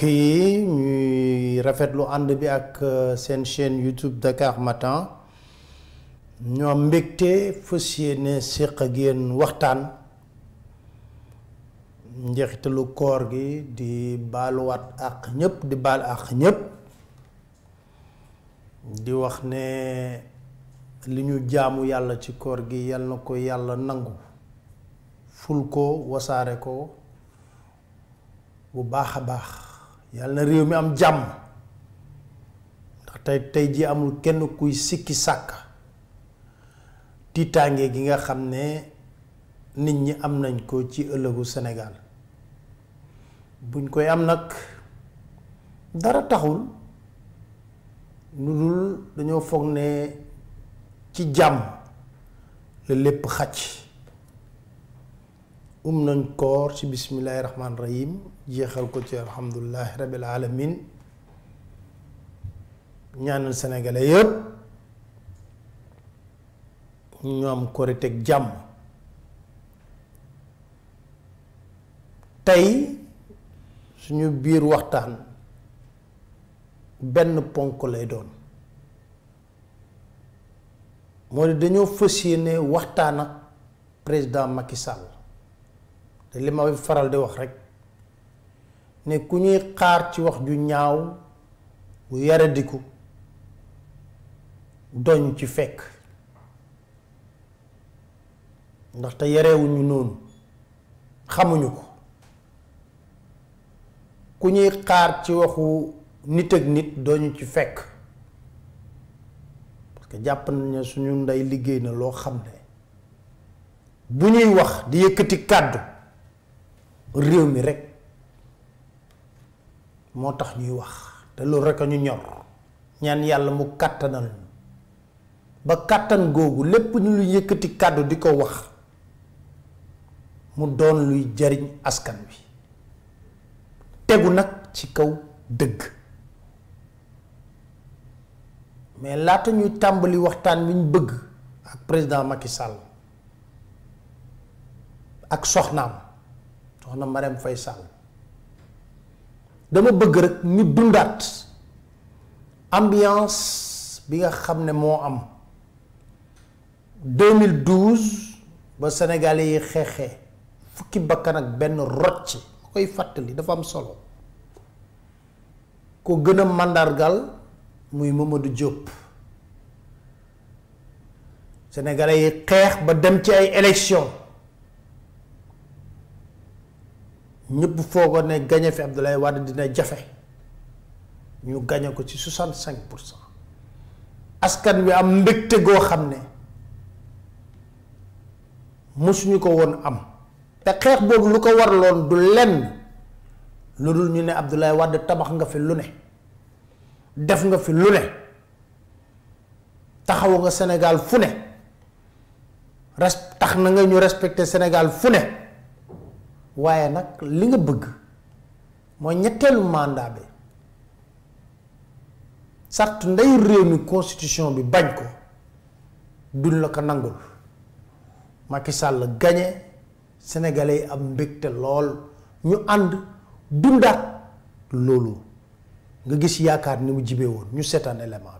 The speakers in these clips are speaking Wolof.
mbokk yi ñuy rafetlu ànd bi ak euh, seen chaîne YouTube Dakar Matin ñoo mbégte fas yéene séq ak yéen waxtaan njeexitalu koor gi di baaluwaat ak ñépp di baal ak ñépp di wax ne li ñu jaamu yàlla ci koor gi yal na ko yàlla nangu ful ko wasaare ko bu baax baax yalla na rew mi am jam ndax tay tey ji amul kenn kuy sikki sàkk tiitaange gi nga xam ne nit ñi am nañ ko ci ëllëgu Sénégal buñ koy am nag dara taxul lu dul dañoo foog ne ci jam le lépp xaj um nañ koor ci bismillaahi rahmaan rahim جيخال كوتي الحمد لله رب العالمين نيان السنغال ييب نيوم كوريتك جام تاي سونو بير وقتان بن بونكو لاي دون مودي دانيو فسيني وقتان président Macky Sall. Li ma fi faral di wax rek ne ku ñuy xaar ci wax ju ñaaw bu yaradiku doñ ci fekk ndaxte yarewuñu noonu xamuñu ko ku ñuy xaar ci waxu nit ak nit doñu ci fekk parce que jàpp nañ ne suñu ndey liggéey na loo xam ne bu ñuy wax di yëkkati kàddu réew mi rekk moo tax ñuy wax te loolu rek ñu ñor ñaan yàlla mu kàttanal ba kàttan googu lépp ñu yëkkati kàddu di ko wax mu doon luy jariñ askan wi tegu nag ci kaw dëgg mais laata ñuy tàmbali waxtaan wi ñu bëgg ak président Macky Sall ak soxnaam soxna Marème Faye Sall dama bëgg rek ñu bundaat ambiance bi nga xam ne moo am 2012 ba sénégalais yi xeexee fukki bakkan ak benn rocc ma koy fàttali dafa am solo ko gën a màndargal muy Mamadou Diop sénégalais yi xeex ba dem ci ay élection ñëpp foogoon ne gañe fi Abdoulaye Wade dina jafe ñu gañe ko ci soixante cinq pour cent askan wi am mbégte goo xam ne mosuñu ko woon am te xeex boobu lu ko warloon du lenn lu dul ñu ne Abdoulaye Wade tabax nga fi lu ne def nga fi lu ne taxawu nga Sénégal fu ne res tax na nga ñu respecte Sénégal fu ne waaye nag li nga bëgg mooy ñetteelu mandat bi sart nday réew mi constitution bi bañ ko duñ la ko nangul Macky sàll gañe sénégalais yi am mbégte lool ñu ànd dundaat loolu nga gis yaakaar ni mu jibee woon ñu seetaan élément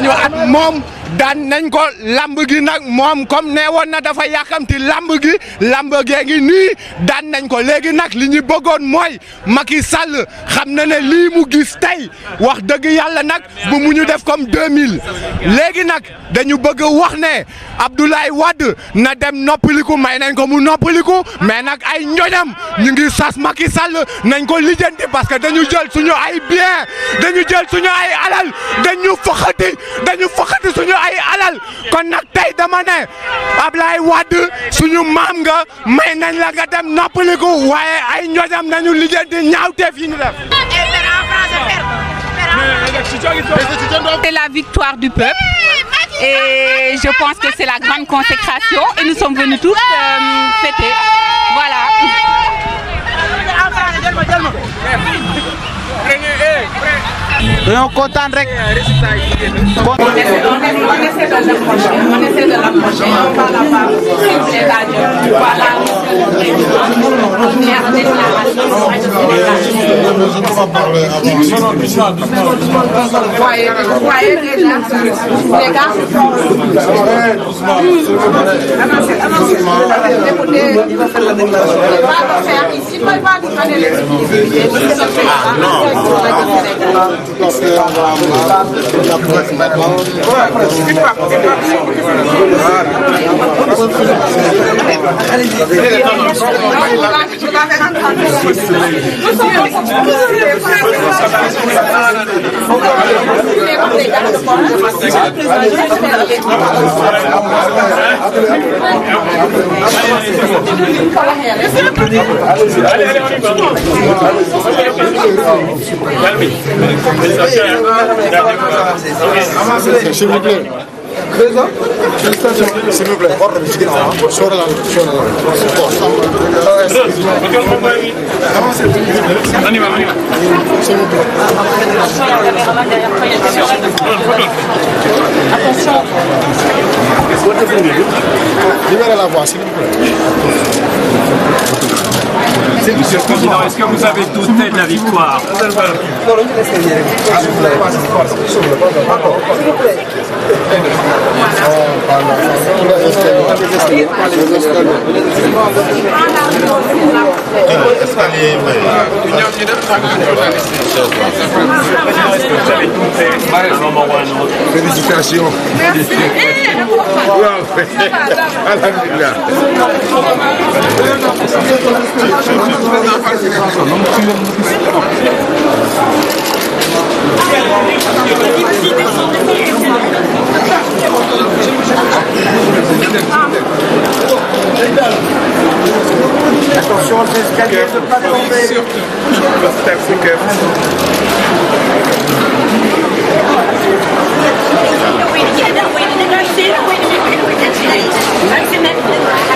nañu at moom dan nañ ko làmb gi nag moom comme nee woon na dafa yàkkamti làmb gi làmb gee ngi nii daan nañ ko léegi nag li ñu bëggoon mooy Macky sàll xam na ne lii mu gis tey wax dëgg yàlla nag bu mu ñu def koom comme 2000 léegi nag dañu bëgg wax ne Abdoulaye wadd na dem noppaliku may nañ ko mu noppaliku mais nag ay ñoñam ñu ngi sas Macky sàll nañ ko lijjanti parce que dañu jël suñu ay bien dañu jël suñu ay alal dañu foxati dañu fokkati suñu ay alal kon nak tay dama ne ablay wad suñu mam nga may nañ la nga dem noppaliku waye ay ñojam nañu di ñaawteef yi ñu def. C'est la victoire du peuple et je pense que c'est la grande consécration et nous sommes venus tous euh, fêter. Voilà. Ah, no contan rec. Conhecer da Lacoste, conhecer da Lacoste, não falava propriedade, falava. Ah, não. je pense va Allez, allez, allez, allez, allez, allez, allez, allez, allez, allez, allez, allez, S'il vous plaît. Président, félicitations. S'il vous plaît, ordre bi ci ginnaaw ah. Sóora la sóora la. S'il vous plaît. Attention. Libérez la voie, s'il vous plaît. Monsieur le Président, est-ce que vous avez douté de la victoire Félicitations. Attention, les de ne pas tomber. Wait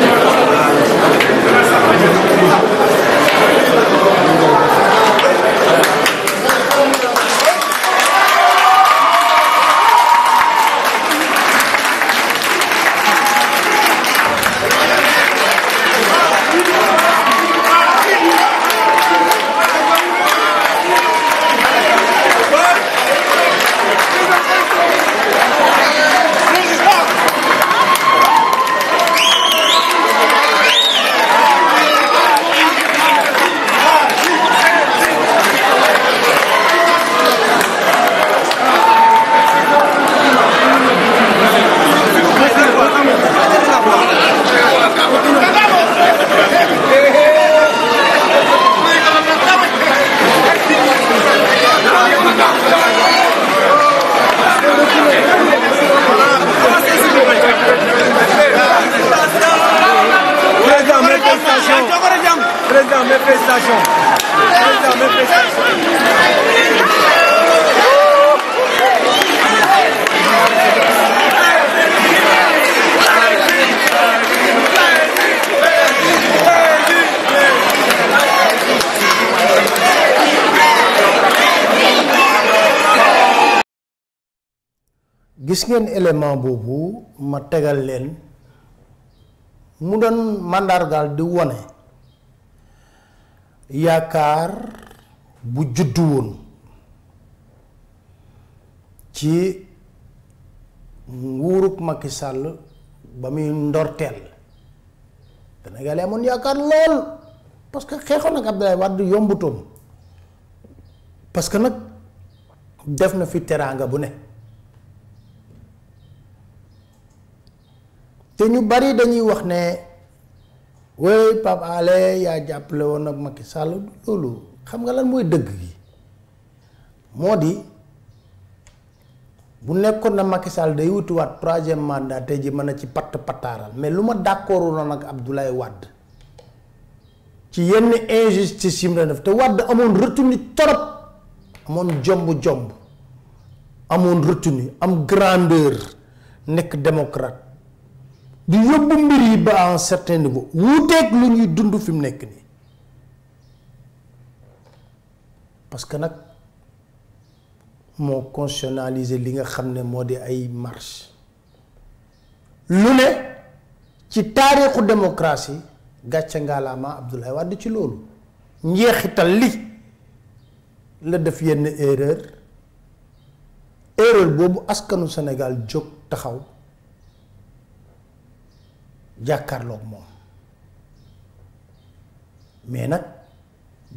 gis ngeen élément boobu ma tegal leen mu doon màndargaal di wone yaakaar bu juddu woon ci nguurug Macky Sall ba muy ndorteel Sénégalais amoon yaakaar lool parce que xeexoon ak Abdoulaye Wade yombutoon parce que nag def na fi teraanga bu ne te ñu bari dañuy wax ne way Pape Alé ya jàppale won ak Macky Sall lolu xam nga lan moy dëgg gi modi bu nekkon na Macky Sall day troisième mandat tey ji mën a ci pat pattaaral mais luma ma d' nak Abdoulaye Wade ci yenn injustice yi mu def te Wade amone retenu torop amoon jomb jomb amone retenu am grandeur nek démocrate di yóbbu mbir yi ba à un certain niveau wuuteeg lu ñuy dund fi mu nekk nii parce que nag moo constitutionnalisé li nga xam ne moo di ay marche lu ne ci taarixu démocratie gàcce ngaalaama Abdoulaye Wade ci loolu njeexital li la def yenn erreur erreur boobu askanu Sénégal jóg taxaw Jakar moom mais nak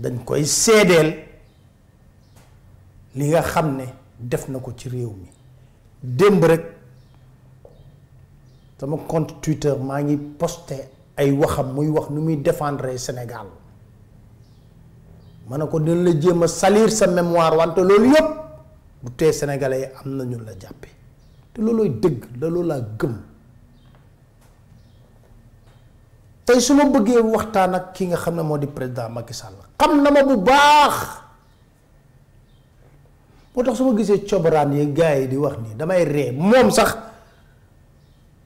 dañ koy sédel li nga xamné def nako ci réew mi demb rek sama compte twitter mangi ngi posté ay waxam muy wax nu muy défendre Sénégal manako dañ la jema salir sa mémoire wante loolu yop bu té sénégalais amna ñu la jàppe te loolooy dëgg la la gëm tay suma bëggee waxtaan ak ki nga xam ne moo di président Macky Sall xam na ma bu baax moo tax su ma gisee cobaraan yi gars yi di wax nii damay ree moom sax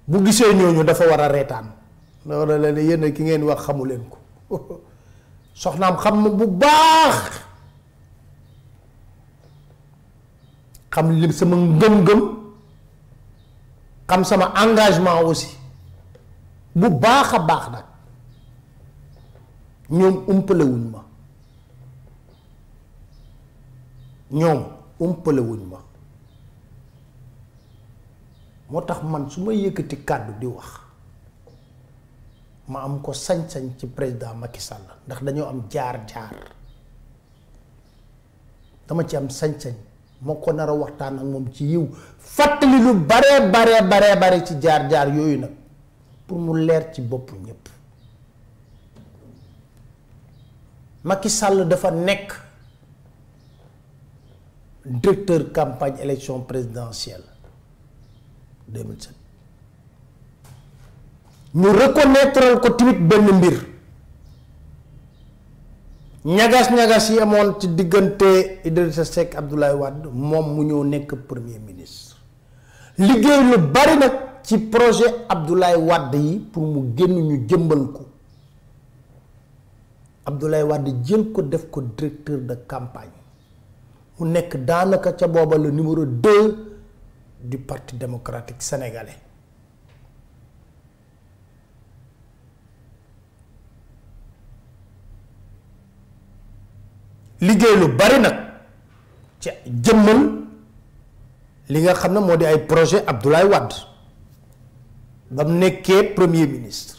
bu gisee ñooñu dafa war a reetaan loolu la ne yéen ki ngeen wax xamu leen ko soxnaam xam bu baax xam li sama ngëm-ngëm xam sama engagement aussi bu baax a baax nag ñoom umpale wuñ ma ñoom umpale wuñ ma moo tax man su ma yëkkati kàddu di wax ma am ko sañ-sañ ci président Macky Sall ndax dañoo am jaar-jaar dama ci am sañ-sañ ma ko nar a waxtaan ak moom ci yiw fàttali lu bare bare bare bare ci jaar-jaar yooyu nag pour mu leer ci bopp ñëpp Macky Sall dafa nek directeur campagne élection présidentielle 2007 ñu reconnaître ko tamit ben mbir ñagas-ñagas yi amone ci digënté Idrissa Seck Abdoulaye Wade mom mu ñoo nek premier ministre liggéey lu bari nak ci projet Abdoulaye Wade yi pour mu génn ñu jëmbal ko Abdoulaye Wade jël ko def ko directeur de campagne mu nekk daanaka ca booba le numéro 2 du parti démocratique sénégalais liggéey lu bari nag ca jëmmal li nga xam ne moo di ay projet Abdoulaye Wade ba mu nekkee premier ministre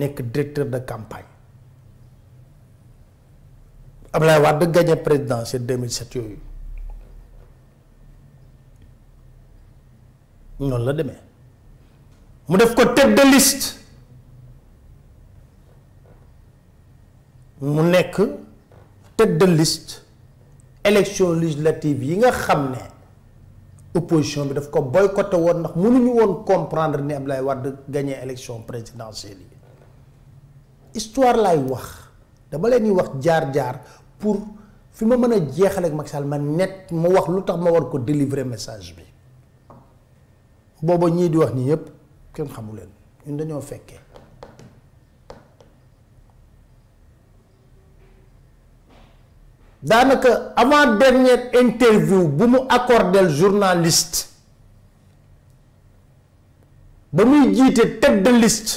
nekk directeur de campagne am Ablaye Wade gagné présidentielle 2007 yooyu noonu la demee mu def ko tête de mu nekk tête de liste élection législative yi nga xam ne opposition bi daf ko boy boycotté woon ndax mënuñu woon comprendre ni Ablaye Wade gagné élection présidentielle yi histoire laay wax dama leen di wax jaar-jaar pour fi ma mën a jeexal ak Macky Sall ma net ma wax lu tax ma war ko délivrer message bi booba ñii di wax ni yëpp kenn xamu leen ñun dañoo fekkee daanaka avant dernière interview bu mu accordel journaliste ba muy jiite tête de liste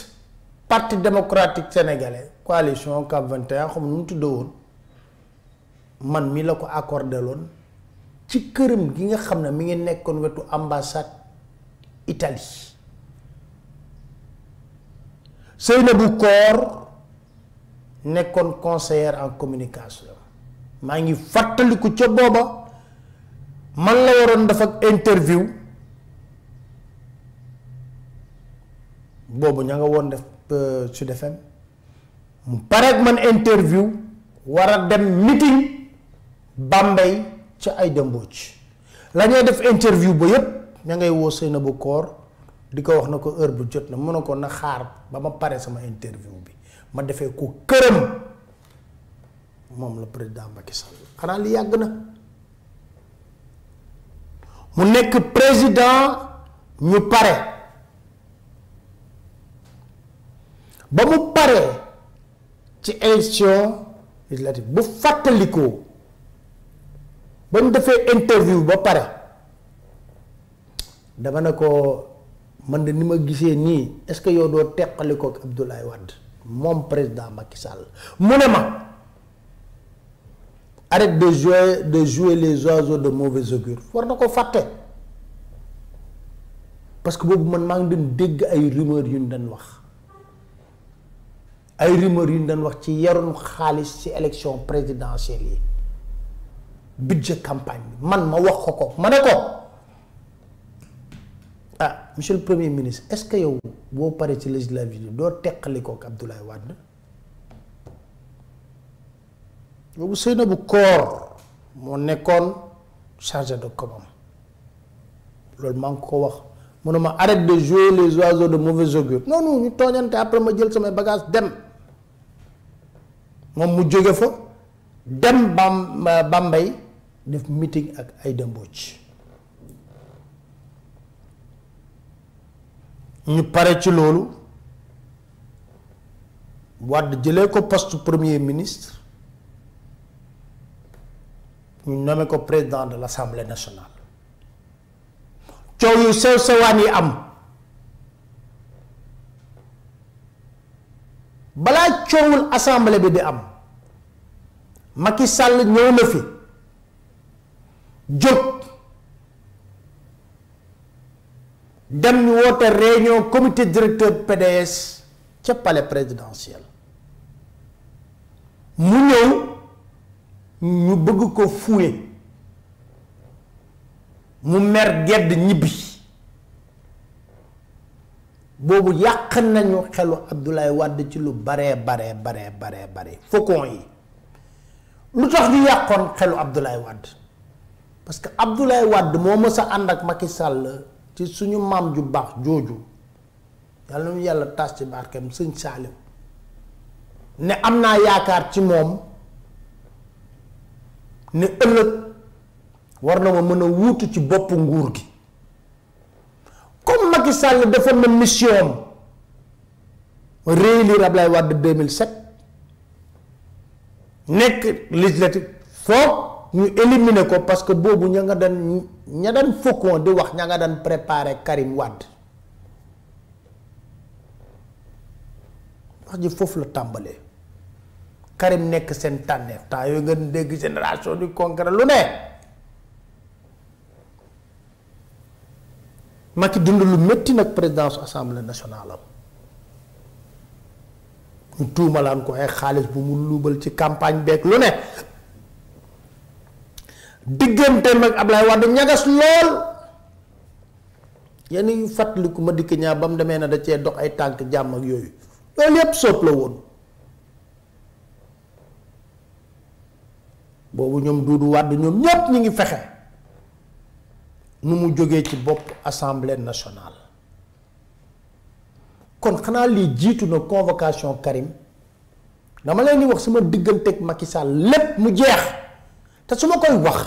parti démocratique sénégalais coalition CAP 21 xam nu mu tuddoo woon man mi la ko accordé lon ci kërëm gi nga xam ne mi ngi nekkoon wetu ambassade Italie bu Koor nekkoon conseillère en communication maa ngi fàttaliku ca booba man la waroon dafa interview Bobo ña nga woon def euh, defem mu man interview war a dem meeting bambay ci ay dembooc la ñuy def interview ba yépp ña ngay woo seyna bu koor di ko wax na ko heure bu jot na mu na xaar ba ma pare sama interview bi ma defee ko këram moom la président Macky Sall xanaa li yàgg na mu nekk président ñu pare ba mu pare ci élection législative bu fàttalikoo Quand fait interview ba paré dama de ma ni. est-ce que yo do président Macky Sall arrête de jouer de jouer les oiseaux de mauvais augure war na ko parce que bobu man mang ngi dégg ay rumeur yu wax ay rumeur yu élection présidentielle budget campagne man ma wax ko ko ah monsieur le premier ministre est-ce que vous yow boo de ci législative doo de ko ak Abdoulaye Wade savez Seynabou Koor mon école, chargé de com Je maa le ko wax mu arrête de jouer les oiseaux de mauvais augure non non ñu tooñante après ma jël samay bagage dem moom mu jóge fa dem Bam Bambey def meeting ak Aïda Mbodj ñu pare ci loolu Wade jële ko post premier ministre ñu nommé ko président de l'Assemblée nationale coow yu sew sewaan yi am balaa coowul assemblée bi di am Macky Sall ñëw na fi jóg dem ñu woote réunion comité directeur PDS ca pale présidentiel mu ñëw ñu bëgg ko fuwe mu mer gedd ñibbi boobu yàq nañu xelu Abdoulaye Wade ci lu baree baree baree baree bare faucon yi lu tax ñu yàqoon xelu Abdoulaye Wade parce que Abdoulaye Wade moo mës a ànd ak Macky sàll ci suñu maam ju baax jooju yàlla na ñu yàlla taas ci barkeem sëñ Salim ne am naa yaakaar ci moom ne ëllëg war na ma mën a wuutu ci bopp nguur gi comme Macky sàll defoon na mission am réélire Abdoulaye Wade 2007 nekk législatif foog ñu éliminer ko parce que bobu ña nga daan ña daan faucon di wax ña nga préparer Karim wad wax ji fofu la tambalé Karim nek sen tànneef ta yo nga dégg génération du concret lu ne Macky dund lu metti nak présidence assemblée nationale am ñu tuumalaan ko ay xaalis bu mu lubal ci campagne bek lu ne digganteem ak Ablaye Wade ñagas lool yéen yu fàttaliku ma dikk ñaar ba mu demee na da cee dox ay tànk jàmm ak yooyu loolu yépp soob la woon boobu ñoom Doudou Wade ñoom ñépp ñu ngi fexe nu mu jógee ci bopp assemblée nationale kon xanaa lii jiitu na convocation Karim dama leen di wax sama diggante ak Macky lépp mu jeex te su ma koy wax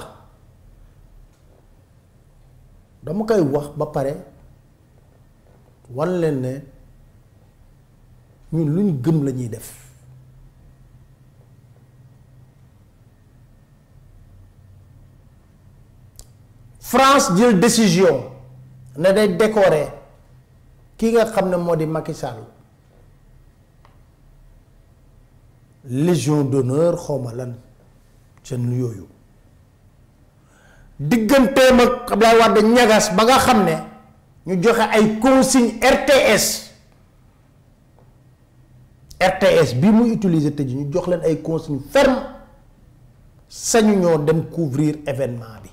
dama koy wax ba pare wan leen ne ñun gëm la def France jël décision ne day décorer ki nga xam ne moo di Macky Sall légion d'honneur xawma jeunes yoyu digënté ak Ablaye Wade ñagas ba nga xamné ñu joxe ay consigne RTS RTS bi mu utiliser tëj ñu jox leen ay consigne ferme sañu ñoo dem couvrir événement bi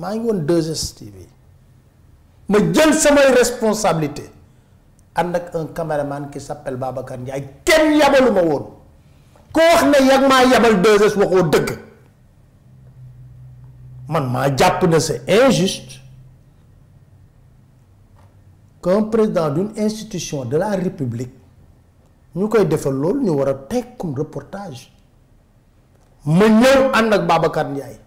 ma ngi woon 2STV ma jël sama responsabilité ànd ak un cameraman qui s'appelle Babacar Ndiaye kenn yabaluma woon ku wax ne yak ma yabal 2S waxo deug man ma japp ne c'est injuste qu'un président d'une institution de la République ñu koy defal lool ñu wara a tekkum reportage ma ñëw and ak Babacar Ndiaye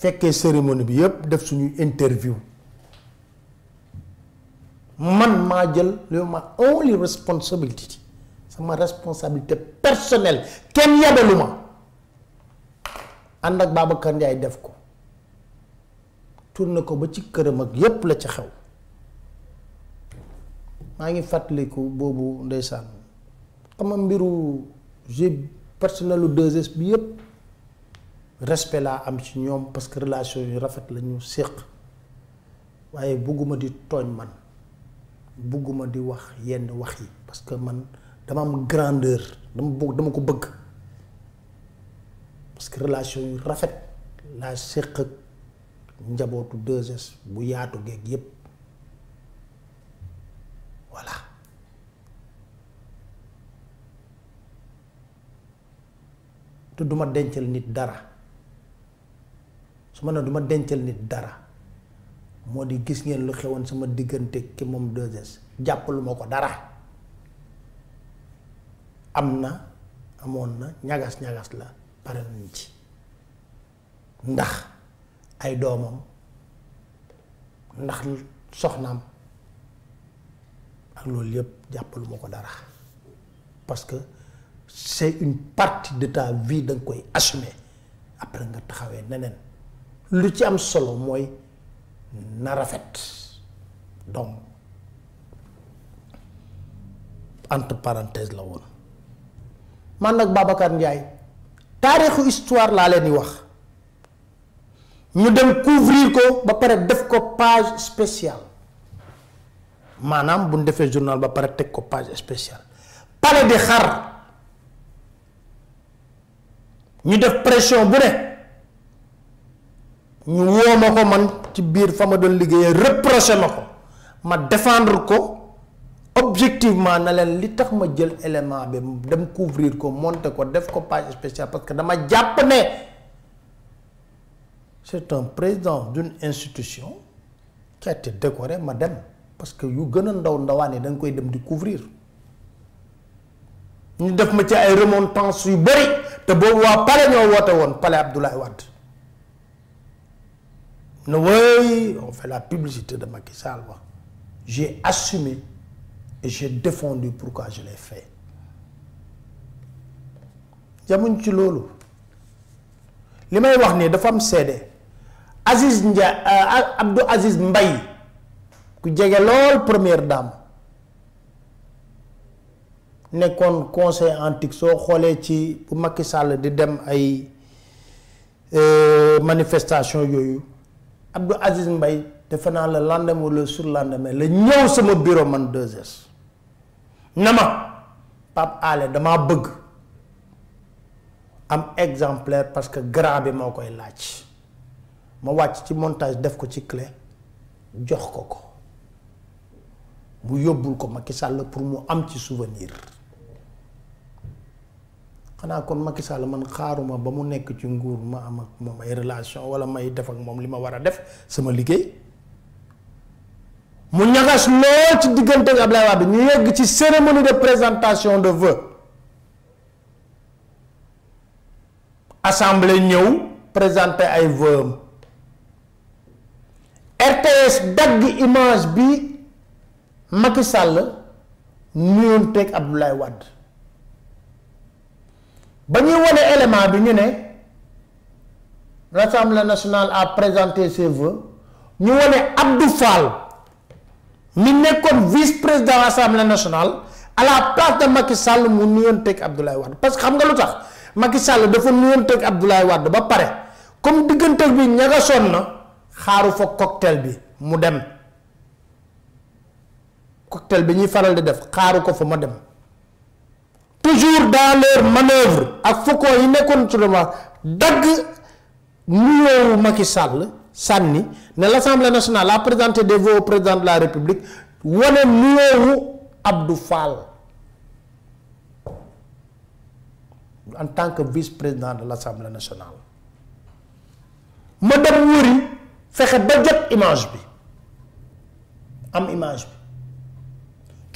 fekkee cérémonie bi yépp def suñu interview man ma jël li ma only responsibility sama responsabilité personnelle kenn yabalu ma ànd ak Babacar Ndiaye def ko tourné ko ba ci këram ak yépp la ci xew maa ngi fàttaliku boobu ndeysaan ama mbiru jeu personnel lu bi yépp respect laa am ci ñoom parce que relation yu rafet la ñu séq waaye bugguma di tooñ man bugguma di wax yenn wax yi parce que man dama am grandeur dama bëgg dama ko bëgg parce relation yu rafet laa séq ak njabootu 2S bu yaatu geeg yépp voilà te duma dencal nit dara su ma ne duma dencal nit dara moo di gis ngeen lu xewoon sama diggante ki moom 2 jàppaluma ko dara amna amon nyagas na ñagas-ñagas la pare nañ ci ndax ay domam ndax soxnam ak loolu yépp jàppaluma ko dara parce que c'est une partie de ta vie da nga koy assumer après nga taxawee neneen lu ci am solo mooy na rafet dom entre parenthèse la woon man nag Babacar Ndiaye taarixu histoire laa leen di wax ñu dem couvrir ko ba pare def ko page spéciale maanaam bu ñu defee journal ba pare teg ko page spéciale pare di xar ñu def pression bu ne ñu woo ma ko man ci biir fa ma doon liggéeyee reproché ma ko ma defendre ko objectivement na li tax élément dem couvrir monter ko page spéciale parce que dama ma c'est un président d'une institution qui a été décoré madame, parce que yu gëna ndaw koy dem di couvrir ñu def ma ci ay yu ñoo on fait la publicité de Macky Sall j'ai assumé et j'ai défendu pourquoi je l'ai fait. Il y a li may wax ne dafa am seede Aziz Ndiaye euh, Abdou Aziz Mbaye qui est la première dame qui conseil antique soo xoolee ci bu Macky Sall di dem ay euh, manifestation Abdou Aziz Mbaye a fait le lendemain le sur lendemain a ñëw sama bureau man 2S. na ma Pape Alé damaa bëgg am exemplaire parce que grand bi moo koy laaj ma wàcc ci montage def ko ci clé jox ko ko bu yóbbul ko Macky Sall pour mu am ci souvenir xanaa kon Macky Sall man xaaruma ba mu nekk ci nguur ma am ak moom ay relation wala may def ak moom li ma war a def sama liggéey mu ñagas lool ci diggante ak Wade ñu yegg ci cérémonie de présentation de vœux assemblée ñëw présenté ay vœux RTS dagg image bi Macky Sall nuyoon Abdoulaye Wade ba ñuy wone élément bi ñu ne l'Assemblée nationale a présenté ses vœux ñu wone Abdou Fall. mi nekkoon vice président assemblée nationale à la place de Macky Sall mu nuyonteeg Abdoulaye Wade parce que xam nga lu tax Macky Sall dafa nuyonteeg Abdoulaye Wade ba pare comme diggante bi ñagasoon na xaaru fa cocktail bi mu dem cocktail bi ñuy faral di def xaaru ko fa ma dem toujours dans leur ak faucon yi nekkoon ci dama dagg nuyoowu makki Sall. Sani, dans l'Assemblée nationale a présenté des vœux au président de la république wane nuyoowu Abdou Fall en tant que vice président de l'Assemblée nationale Madame Mouri wëri fexe ba jot image bi am image bi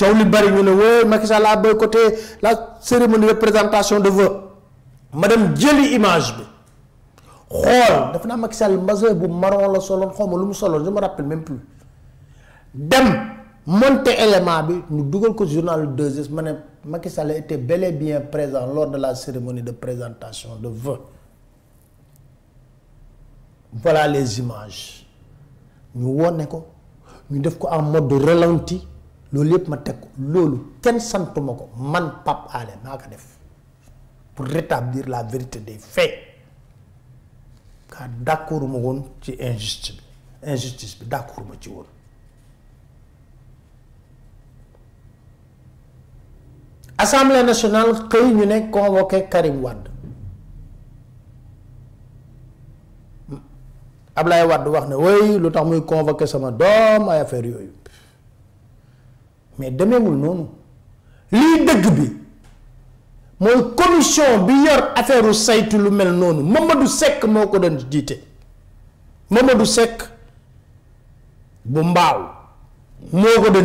coow li bari ñu ne wooy Macky a la cérémonie de présentation de vœux Madame dem jëli image bi je ne me rappelle même plus dem monter élément nous ñu que le journal 2S était bel et bien présent lors de la cérémonie de présentation de vœux voilà les images Nous voyons, ko ñu en mode ralenti man pap pour rétablir la vérité des faits parce d'accord c'est woon ci injustice L'Assemblée injustice Assemblée nationale a convoqué Karim wad Ablaye wax convoqué sama affaire mais nous nous qui dëgg bi moy commission bi yor affaire saytu lu mel noonu Mamadou Seck moko Mamadou Seck bu mbaaw moo ko de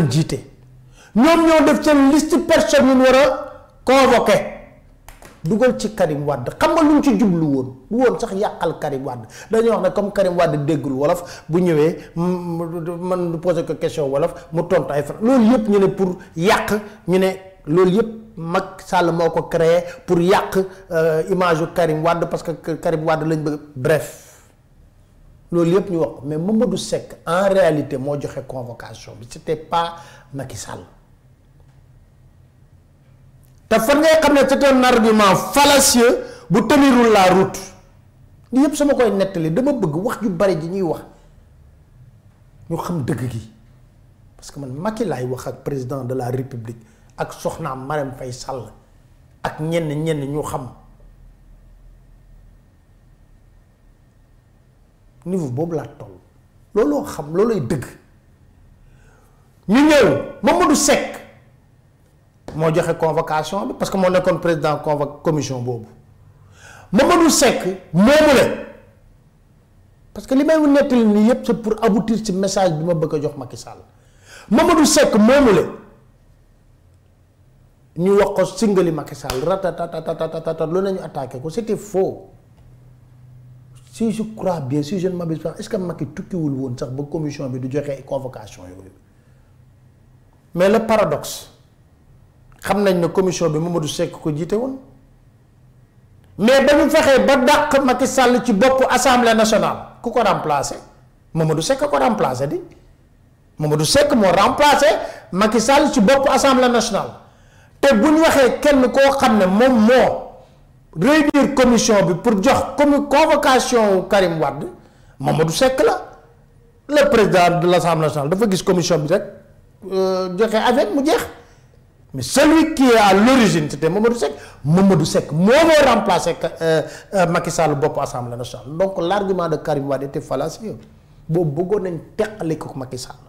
ñoo def une liste personne ñu wara convoquer dugal ci Karim wad xam nga lu ci sax comme Karim wad déggul wolof bu mm, man question wolof mu ay pour Yak. ñu Macky Sall moko créer pour yàq euh, image Karim Wade parce que Karim Wade lañ bëgg bref loolu yëpp ñu wax mais Mamadou Seck en réalité mo joxé convocation bi c'était pas Macky Sall ta fan ngay xam un argument fallacieux bu tenirul la route li yëpp sama koy nettali dama bëgg wax ju bari ji ñuy wax ñu xam dëgg gi parce que man Macky laay wax ak président de la République ak soxnaam Marème Faye Sall ak ñenn ñenn ñu xam niveau boobu laa toll looloo xam loolooy dëgg ñu ñëw Mamadou Seck moo joxe convocation bi parce que moo nekkoon président convo commission boobu Mamadou Seck moomu la parce que li may nettali nii yépp c'est pour aboutir ci message bi ma bëgg a jox Macky Sall ma Seck moomu la ñu wax ko singali Macky Sall tata lu nañu attaquer ko c'était faux si je crois bien si je ne m'abuse pas est-ce que kan Macky wul won sax ba commission bi du joxe convocation yooyu mais le paradoxe xam nañ ne commission bi Mamadou Seck ko jité won mais bañu fexé ba dàq Macky Sall ci bop assemblée nationale ku ko remplacer Mamadou Seck ko remplacer di Mamadou Seck mo remplacer Macky Sall ci bop assemblée nationale te si waxé kenn la xamné mom mo commission bi pour jox comme convocation Karim Wade Mamadou Seck la le président de l'Assemblée nationale dafa gis commission bi rek euh, joxé avec mu mais celui qui est à l'origine c'était Mamadou Seck Mamadou Seck moo remplacer euh, euh Macky Sall bopp Assemblée nationale donc l'argument de Karim Wade était fallacieux bo bëggo nañ teqali ko Macky Sall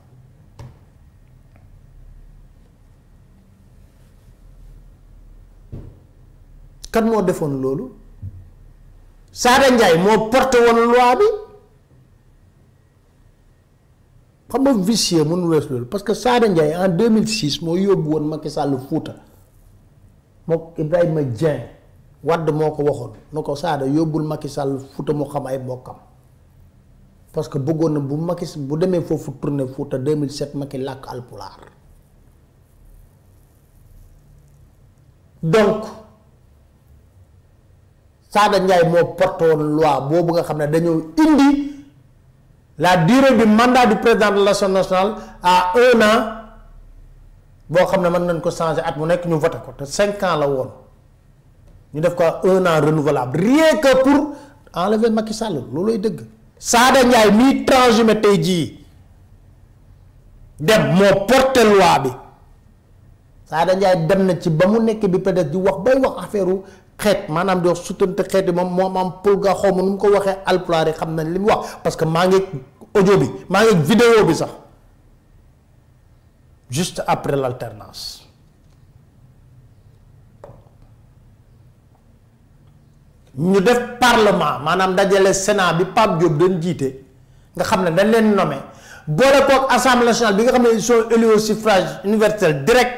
kan moo defoon loolu Saada Ndiaye moo porté woon loi bi xam nga vicieux mënul wees loolu parce que Saada Ndiaye en 2006 moo yóbbu woon Macky Sall Fouta mook Ibrahima Dieng wadd moo ko waxoon na ko Saada yóbbul Macky Sall Fouta mu xam ay bokkam parce que bëggoon na bu Macky bu demee foofu tourné Fouta 2007 Macky làkk alpulaar donc. Sada ñay mo porté woon loi boobu nga xamne dañu indi la durée du mandat du président de l'Assemblée nationale à 1 an bo xamne man nañ ko changer at mu nek ñu voter ko te 5 ans la won ñu def ko 1 an renouvelable rien que pour enlever Macky Sall looloy dëgg Sada ñay mi transhumé tay ji dem mo porté loi bi Sada ñay dem na ci ba mu nek bi peut-être di wax bay wax affaireu xeet maanaam di wax sutante xeet yi moom moom am pour nga xaw ma nu mu ko waxee alpulaar yi xam nañ li mu wax parce que maa ngi audio bi maa ngi vidéo bi sax juste après l'alternance ñu def parlement maanaam dajale Sénat bi Pape Diop doon jiite nga xam ne dañ leen nommé boole kook assemblée nationale bi nga xam ne ils sont élus au suffrage universel direct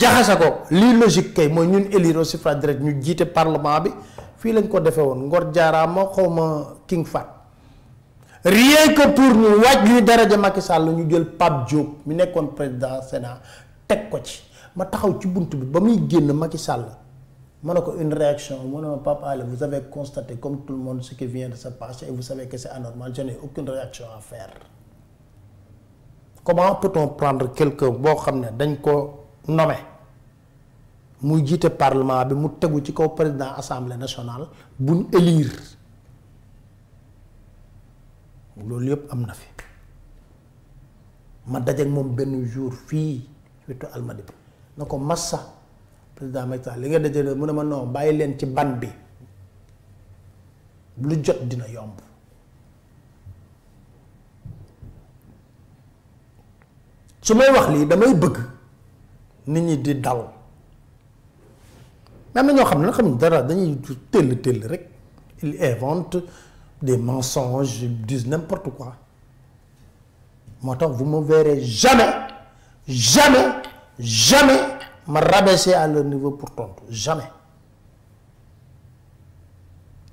ko logique kay nous ñun élire au suffrage direct ñu parlement bi lañ ko défé won Ngor xawma King Fat rien que pour ñu wajj ñu daraja nous Sall ñu jël Pape Diop mi président Sénat Mais ko ci ma taxaw ci bi ba muy génn une réaction papa vous avez constaté comme tout le monde ce qui vient de se passer et vous savez que c'est anormal je n'ai aucune réaction à faire comment peut-on prendre quelqu'un bo xamné dañ nommé muy jité parlement bi mu teggu ci ko président assemblée nationale buñ élire loolu yépp am fi ma dajé mom benn jour fi wetu almadi nako massa président mayta li nga dajé mu ne ma non bayi len ci ban bi lu jot dina yomb su may wax li damay bëgg ni ñi di dal mais ils inventent des mensonges ils disent n'importe quoi maintenant tax vous me verrez jamais jamais jamais me rabaisser à leur niveau pourtant. jamais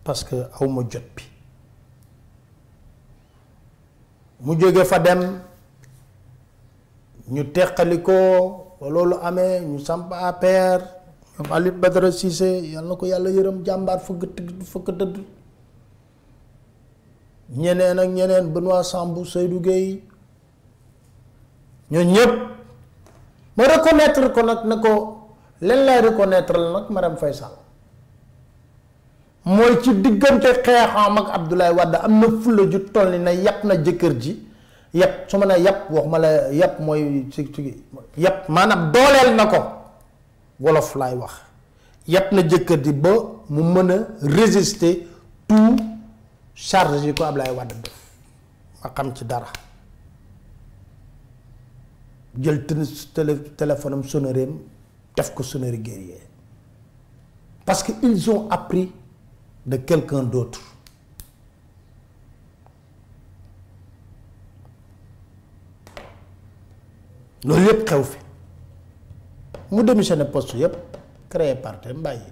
parce que à jot bi mu jóge fa dem ñu ba loolu ñu samp APR ñoom Alit Badr Cissé yal na ko yàlla yërëm jàmbaar gëtt fu ko dëdd ñeneen ak ñeneen Benoît Sambou Seydou Gueye ñoo ñëpp ma reconnaître ko nak nako lén lay reconnaître nak maram Faisal moy ci digënté xéxam ak Abdoulaye Wade amna fulu ju toll ni na yap na jëkër ji yep su ma nee yàpp wax ma la yàpp mooy ci ci yep maanaam dooleel na ko wolof lay wax yep na jëkkër ji ba mu mën a résister tout charge yi ko Ablaye Wade def ma xam ci dara jël télé téléphone am sonoreem def ko sonnerie guerrier parce que ils ont appris de quelqu'un d'autre loolu yëpp xew fi mu démissionné post yëpp créé parti mbàyyi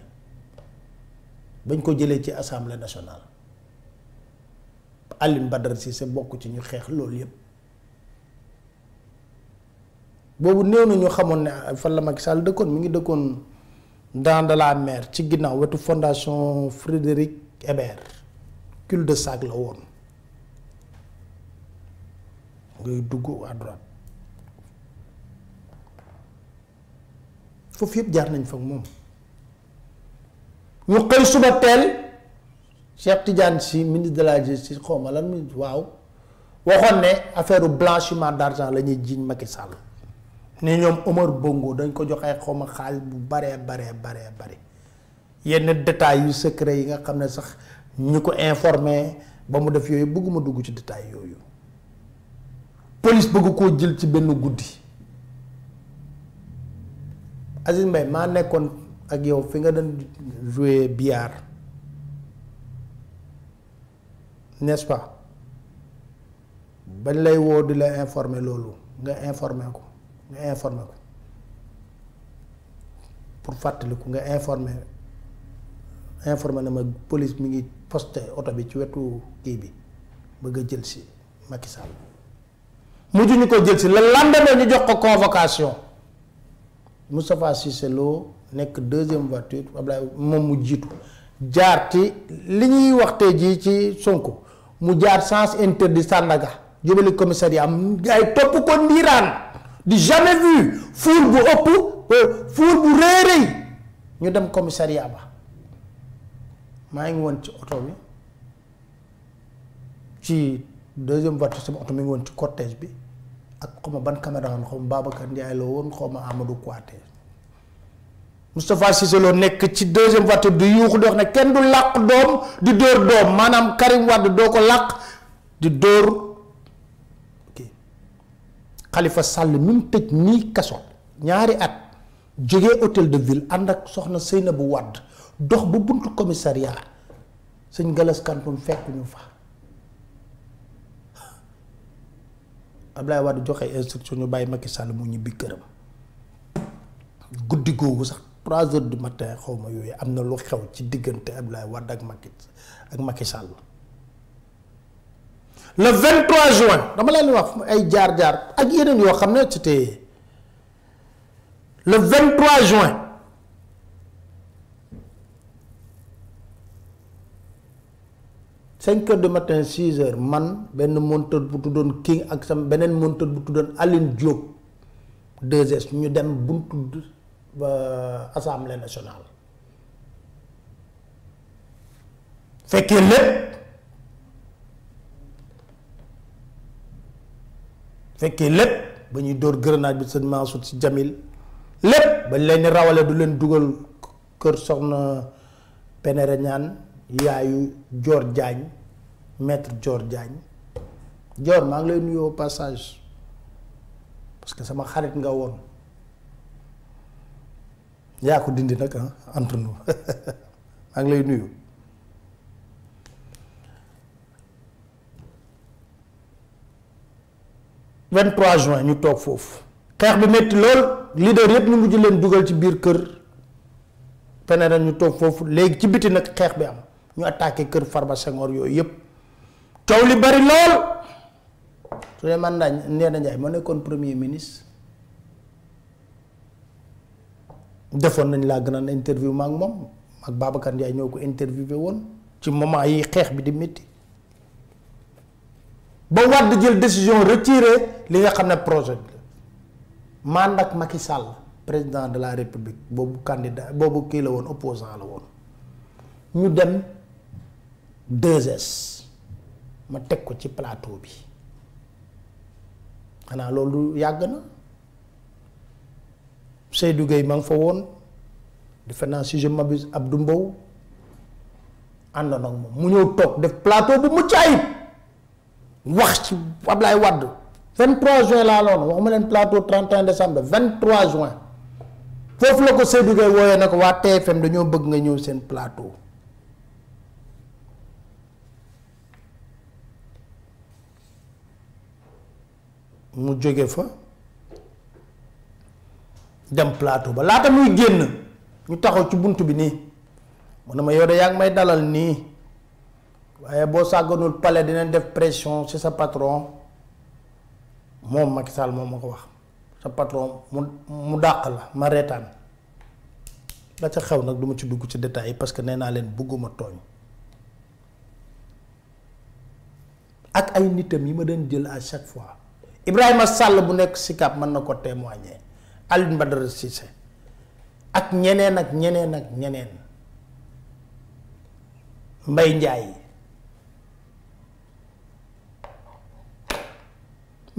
bañ ko jëlee ci assemblée nationale Alioune Badara Cissé bokk ci ñu xeex loolu yëpp boobu néew na xamoon ne ah, fan la Macky Sall dëkkoon mi ngi dëkkoon dans mer ci ginnaaw wetu fondation Frédéric Hébert cul de sac la woon ngay dugg à foofu yëpp jaar nañ fa moom ñu xëy suba teel Cheikh Tidiane si ministre de la justice xaw lan mi waaw waxoon ne affaire blanchiment d' argent la ñuy Macky Sall ne ñoom Omar Bongo dañ ko joxe ay xaw xaalis bu bare bare bare bare yenn détails yu secret yi nga xam ne sax ñu ko informé ba mu def yooyu bëgguma dugg ci détails yooyu police bëgg koo jël ci benn guddi Aziz Mbaye ma nekkon ak yow fi nga doon jouer billard n'est-ce pas bañ lay wo di la informer lolu nga informer ko nga informer ko pour ko nga informer informer na ma police mi ngi posté auto bi ci wetu ki bi bëgg jël si Macky Sall muju ñu ko jël ci le lendemain ñu jox ko convocation Moustapha Cissé nek deuxième voiture Ablaye moom mu jiitu jaar ci li ñuy wax tey jii ci Sonko mu jaar sens interdit Sandaga jubali commissariat am ay ko ndiran di jamais vu four bu ëpp euh, fuur bu rëy rëy ñu dem commissariat ba ma ngi won ci auto bi ci deuxième voiture sama auto mi ngi won ci cortège bi ak xuma ban caméraman xom babacar ndiaye la woon xoma amadou kuaté mustapha Cissé lo nek ci deuxième voiture du yuuxu di wax ne kenn du làq doom di dóor doom maanaam Karim doo ko làq di dóor Khalifa Sall mi mu tëj nii kaso ñaari at jógee hôtel de ville ànd ak soxna Seyna bu Wade dox bu buntu commissariat sëñ Galas kantum fekk ñu fa Abdoulaye Wade joxe instruction ñu bàyyi Macky Sall mu ñibbi këram guddi googu sax trois heures du matin xaw ma yooyu am na lu xew ci diggante ab Abdoulaye Wade ak Macky ak Macky Sall le 23 juin dama leen wax ay jaar-jaar ak yeneen yoo xam ne c'était le 23 juin. cinq heures du matin six heures man benn monteur bu tuddoon King ak sama beneen monteur bu tuddoon Aline Diop 2 ñu dem buntu ba assemblée nationale fekkee lépp fekkee lépp ba ñuy dóor grenade bi sëñ Mansour si Jamil lépp ba leen rawale du leen dugal kër soxna Penere yaayu joor Diagne maître joor jaañ joor maa ngi lay nuyoo passage parce que sama xarit nga woon yaa ko dindi nag ah entre nous maa ngi lay nuyu vingt-trois juin ñu toog foofu xeex bi metti lool leader yépp ñu mujj leen dugal ci biir kër feneen ñu toog foofu léegi ci biti nag xeex bi am ñu attaqué kër Farba Senghor yoy yep taw li bari lool Souleymane Ndaañ néna ñay mo nekkoon premier ministre defon nañ la grande interview mang mom, mak babakar ndiay ñoko interview interviewé won ci moment yi xex bi di metti ba wad jël décision retirer li nga xamné projet bi la man Macky Sall président de la république bobu candidat bobu ki la won opposant la won ñu dem deux s ma tek ko ci plateau bi xanaa lolou yag na Seydou gay mang fa won defe naa si je m'abuse Abdou Mbow ànd nag mu ñëw tok def plateau bu mucc ayib wax ci Ablaye wad 23 juin lolou wax ma len plateau 31 décembre 23 juin fofu la ko Seydou gay woyé na wa TFM dañu bëgg nga ñëw sen plateau mu joge fa dem plateau ba laata muy génn ñu taxaw ci buntu bi nii mu ne ma yow de yaa ngi may dalal nii waaye boo sàgganul palais dinañ def pression ci sa patron moom Macky Sall moom ko wax sa patron mu mu dàq la ma reetaan la ca xew nag du ma ci dugg ci détails yi parce que nee naa leen bëgguma tooñ ak ay nitam yi ma doon jël à chaque fois Ibrahima Sall bu nekk Sicap mën na ko témoigner Alioune Badara Cissé ak ñeneen ak ñeneen ak ñeneen Mbaye Ndiaye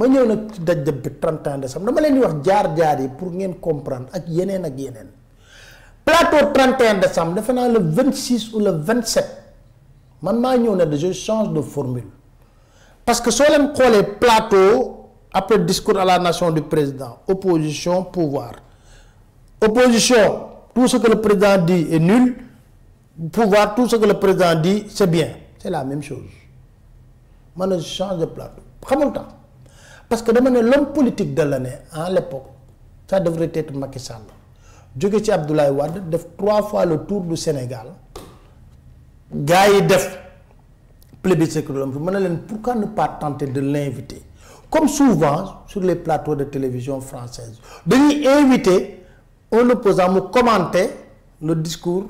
ma ñëw nag ci daj dëb bi 31 décembre dama leen di wax jaar-jaar yi pour ngeen comprendre ak yeneen ak yeneen plateau 31 décembre defe naa le 26 ou le 27 man maa ñëw ne de je change de formule parce soo leen xoolee plateau après le discours à la nation du président, opposition, pouvoir. Opposition, tout ce que le président dit est nul. Pouvoir, tout ce que le président dit, c'est bien. C'est la même chose. je change de plateau. Comment Parce que l'homme politique de l'année, à l'époque, ça devrait être Macky Sall. Abdoulaye Wade def trois fois le tour du Sénégal Gaïe def plébiscite pourquoi ne pas tenter de l'inviter comme souvent sur les plateaux de télévision française On inviter un à me commenter le discours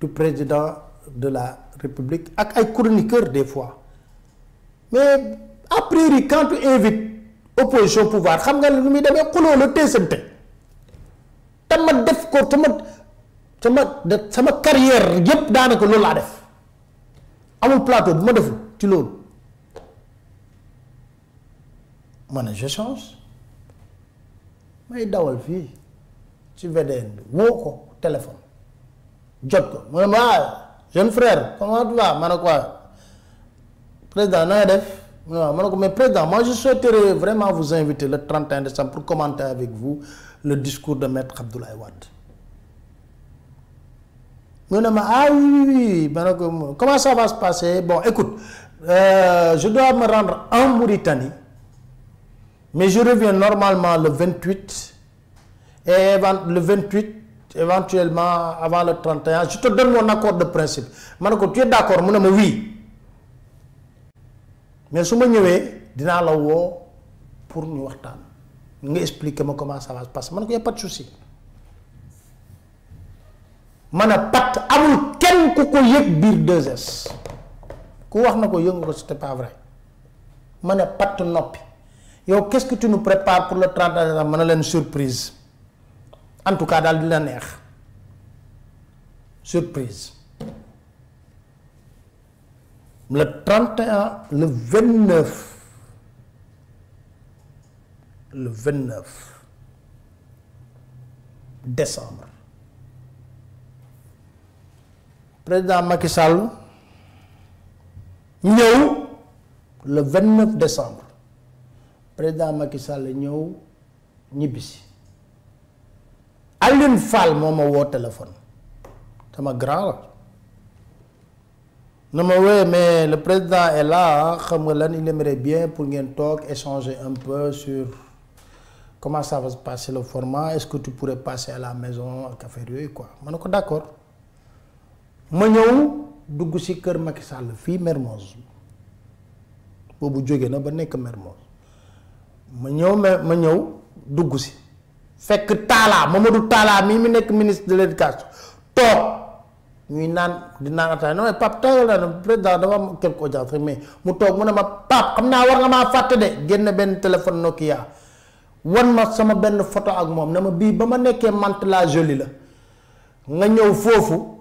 du président de la République Avec ay chroniqueurs des fois mais a priori quand tu invites opposition pouvoir xam nga Tu muy demee le la teesante te ma def ko ma sama sama carrière yépp daanaka loolu laa def amul plateau bu ma deful ci Moi, je change Mais dawal fille, tu veux des woo ko téléphone jot Mon ah, jeune frère comment tu vas ah, président na def mais président moi je souhaiterais vraiment vous inviter le 31 décembre pour commenter avec vous le discours de maître Abdoulaye Wade Mon ah oui oui comment ça va se passer bon écoute euh, je dois me rendre en Mauritanie mais je reviens normalement le 28 et le 28 éventuellement avant le 31, je te donne mon accord de principe. Manako, tu es d'accord je oui. Mais si je suis venu, la pour nous parler. nga expliquer comment ça va se passer Manako, il n'y a pas de souci Je a pat amul kenn ku ko a biir 2 ku wax na ko c'était pas vrai man a pat qu'est-ce que tu nous prépares pour le 30 décembre une surprise en tout cas dans di surprise le 31 le 29 le 29 décembre président Macky Sall où le 29 décembre président Macky Sall est ñibbisi Fall moma ma téléphone sama grand mais le président est là il aimerait bien pour échanger un peu sur comment ça va se passer le format est-ce que tu pourrais passer à la maison à café rue quoi manoko d'accord ma suis dugg ci cœur Macky Sall Mermoz na ma ñëw ma dugg si fekk Talla Mamadou mi mi ministre de l'éducation toog ñuy naan di naan non président quelque chose mu mu ne ma war nga de téléphone Nokia wan ma sama benn photo ak moom ne ma bii ba la Jolie la nga ñëw foofu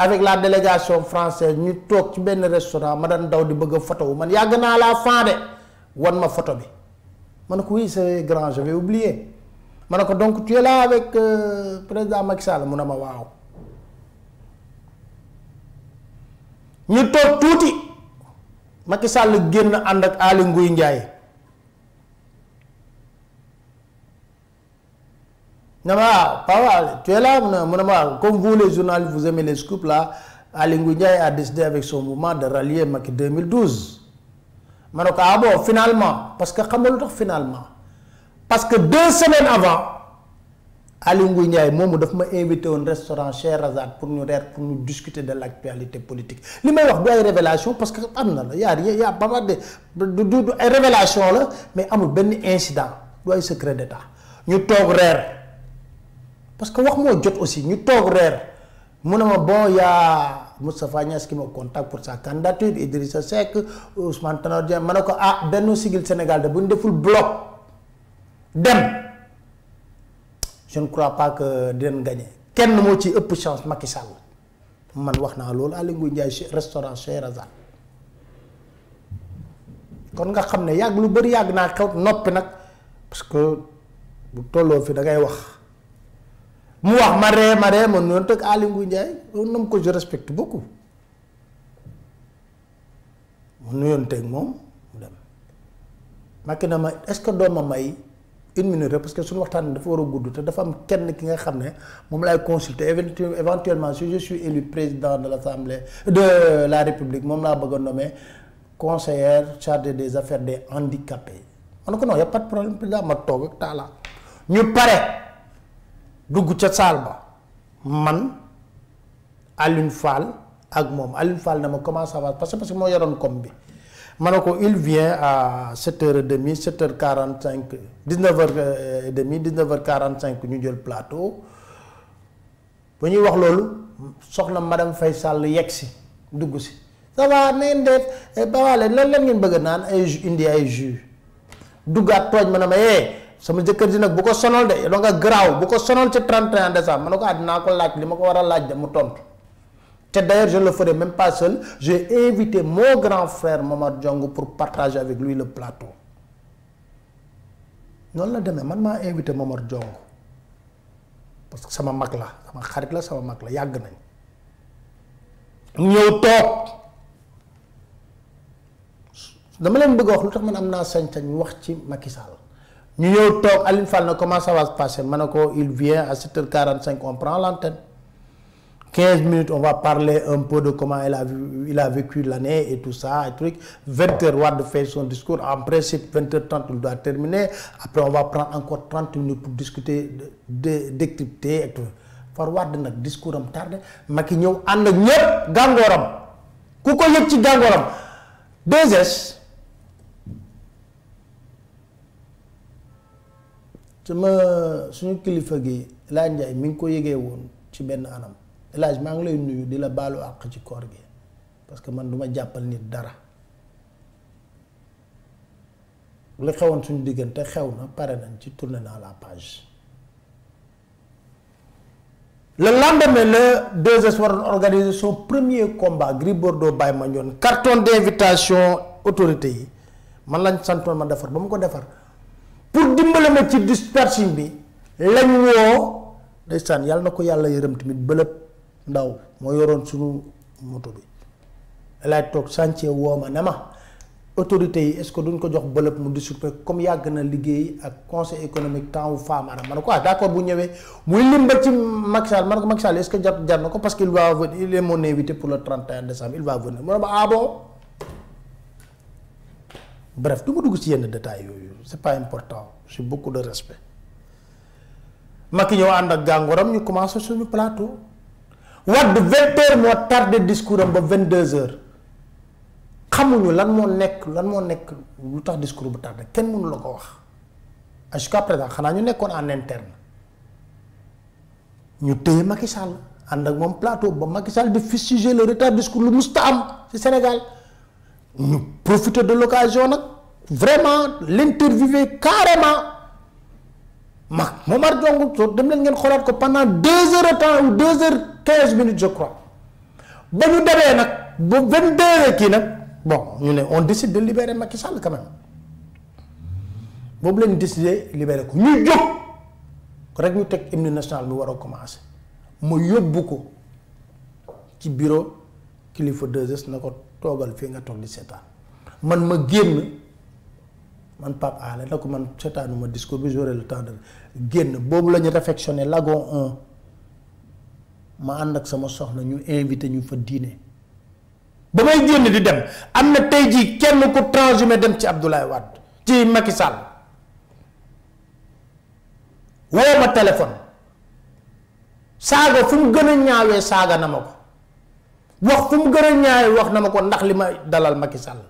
avec la délégation française ñu toog ci benn restaurant ma daan daw di bëgg photo man photo oui c'est grand j'avais oublié ma donc tu es là avec le euh, président Macky Sall mon ne ma waaw ñu toog Macky Sall est ànd ak Aly Ndiaye tu es là mon ne comme vous les journalistes vous aimez les scoops là Aly a décidé avec son mouvement de rallier Macky 2012 ma ne ko ah bon finalement parce que xam nga lu tax finalement parce que deux semaines avant Ali Ngouille Ndiaye moomu daf ma invité woon restaurant Scheherazade pour ñu reer pour ñu discuter de l' actualité politique li may wax du ay révélation parce que am na la yaa yaa ba de du du ay révélation la mais amul benn incident du ay secret d' état ñu toog reer parce que wax moo jot aussi ñu toog reer mu ne ma bon yaa Moustapha Niass qui me contacte pour sa candidature Idrissa Seck Ousmane Tanor Dieng ma ne ko ah Benno Siggil Sénégal de bu ñu deful bloc dem je ne crois pas que dinañ gagné kenn moo ci ëpp chance Macky Sall man wax naa loolu Aly Ngouille Ndiaye restaurant Cheikh kon nga xam ne lu bëri yàgg naa kaw noppi nag parce que bu fi da ngay wax mu wax ma ree ma ree man noonu teg Aly Ngouille Ndiaye un homme que je respecte beaucoup mu nuyoon teg moom mu dem na ma est-ce que doo ma may une minute que suñu waxtaan dafa war a gudd te dafa am kenn ki nga xam ne moom laay consulter éventuellement si je suis élu président de l'Assemblée de la République moom laa bëgg a nommer conseillère chargée des affaires des handicapés ma ne ko non y a problème président ma toog ak Talla ñu pare. dugg ca saal ba man Aline Fall ak moom Aline Fall na ma comment ça va parce que parce que moo yoroon comme bi ma il vient à 7h30 7h45 19h30 19h45 ñu jël plateau bu ñuy wax loolu soxna madame Faisal Sall yegg si dugg si ça va na ngeen eh, def ba waale lan lan ngeen bëgg naan ay indi ay jus duggaat tooj ma ne eh, sama jëkkër ji nag bu ko sonal de doo nga garaaw bu ko sonal ci 31 décembre ma ne ko ah dinaa ko laaj li ma ko war a laaj de mu tontu te d'ailleurs je le ferai même pas seul j'ai invité mon grand frère Momar jong pour partager avec lui la plateau noonu la demee man maa invité Momar Diongue parce que sama mag la sama xarit la sama mag la yàgg nañ ñëw toog dama leen bëgg a wax lu tax man am naa sañ-sañ wax ci Macky Sall Nous sommes tous comment ça va se passer Manoko, il vient à 7h45 on prend l'antenne 15 minutes on va parler un peu de comment il a vécu l'année et tout ça et truc 20 heures de fait son discours en principe 20h30 il doit terminer après on va prendre encore 30 minutes pour discuter des décrypter et tout voir a discours am tardé Macky venu avec tous les ku ko ci ma suñu kilifa gi laa Njaay mi ngi ko yëgee woon ci benn anam El maa ngi lay nuyu di la baalu àq ci koor gi parce que man duma ma jàppal nit dara li xewoon suñu diggante xew na pare nañ ci tourné naa la page. la lendemain le 2S waroon organiser son premier combat Gris Bordeaux ma Mandione carton d' invitation autorité yi man lañ santoon ma defar ba mu ko defar. pour dimbale ma ci dispersion bi lañ woo ndeysaan yàlla na ko yàlla yërëm tamit bëlëb ndaw moo yoroon suñu moto bi laaj toog chantier woo ma ne ma autorités yi est-ce que duñ ko jox bëlëb mu distribué comme yàgg na liggéey ak conseil économique temps wu Famara ma ko ah d'accord bu ñëwee muy lim ci Macky Sall ma ko Macky Sall est-ce que jar jar na ko parce il va venir il est mon invité pour le 31 décembre il va venir mu ne ma ah bref tout le monde a des détails ce n'est pas important j'ai beaucoup de respect Macky nous ànd ak on ñu sur le plateau De 20 heures tardé discours de 22 heures. 22 heures xamuñu lan moo nekk discours tardé jusqu'à présent en interne Macky Sall plateau Macky Sall le retard discours Sénégal nous profiter de l'occasion vraiment l'interviewer carrément je Momar Diongue dem leen ngeen pendant 2 heures de ou deux heures 15 minutes je crois ba ñu bon on décide de libérer Macky Sall quand même on len de libérer ko ñu nous rek ñu tek hymne national bi waro commencer ko bureau qu'il 2 deux na toogal fii nga toog di seetaan man ma génn man Pape Alé na ko man seetaanuma discours bi j'aurai le temps de génn boobu la ñu réfectionné lagon 1 ma ànd ak sama soxla ñu invité ñu fa diine ba may génn di dem am na tey jii kenn ku transhumé dem ci Abdoulaye Wade ci Macky Sall woo ma téléphone saaga fu mu gën a ñaawee saaga na ma ko wax fu mu gën a ñaaw wax na ma ko ndax li ma dalal Macky Sall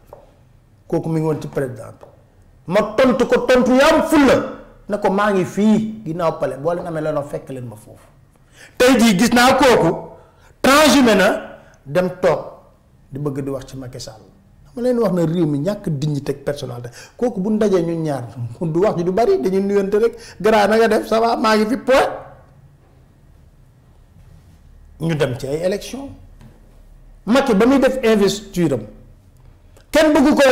kooku mi ngi woon ci président ma tontu ko tontu yaam fulla ne ko maa ngi fii ginnaaw pale boo leen amee leno fekk leen ma foofu tey jii gis naa kooku transhumé na dem toog di bëgg di wax ci Macky Sall dama leen wax na réew mi ñàkk dignité ak personnalité kooku bu ndajee ñu ñaar du wax ji du bari dañuy nuyante rek garaa na nga def sa va maa ngi fi point ñu dem ci ay élection Macky ba muy def investiture am kenn ko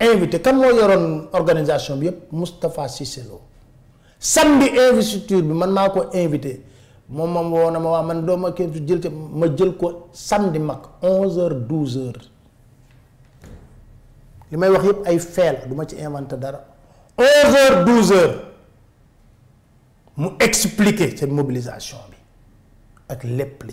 invité kan organisation Moustapha samedi investiture bi invité man samedi 11h 12h li wax ay ci inventé 11h 12h mu expliquer cette mobilisation bi ak lépp li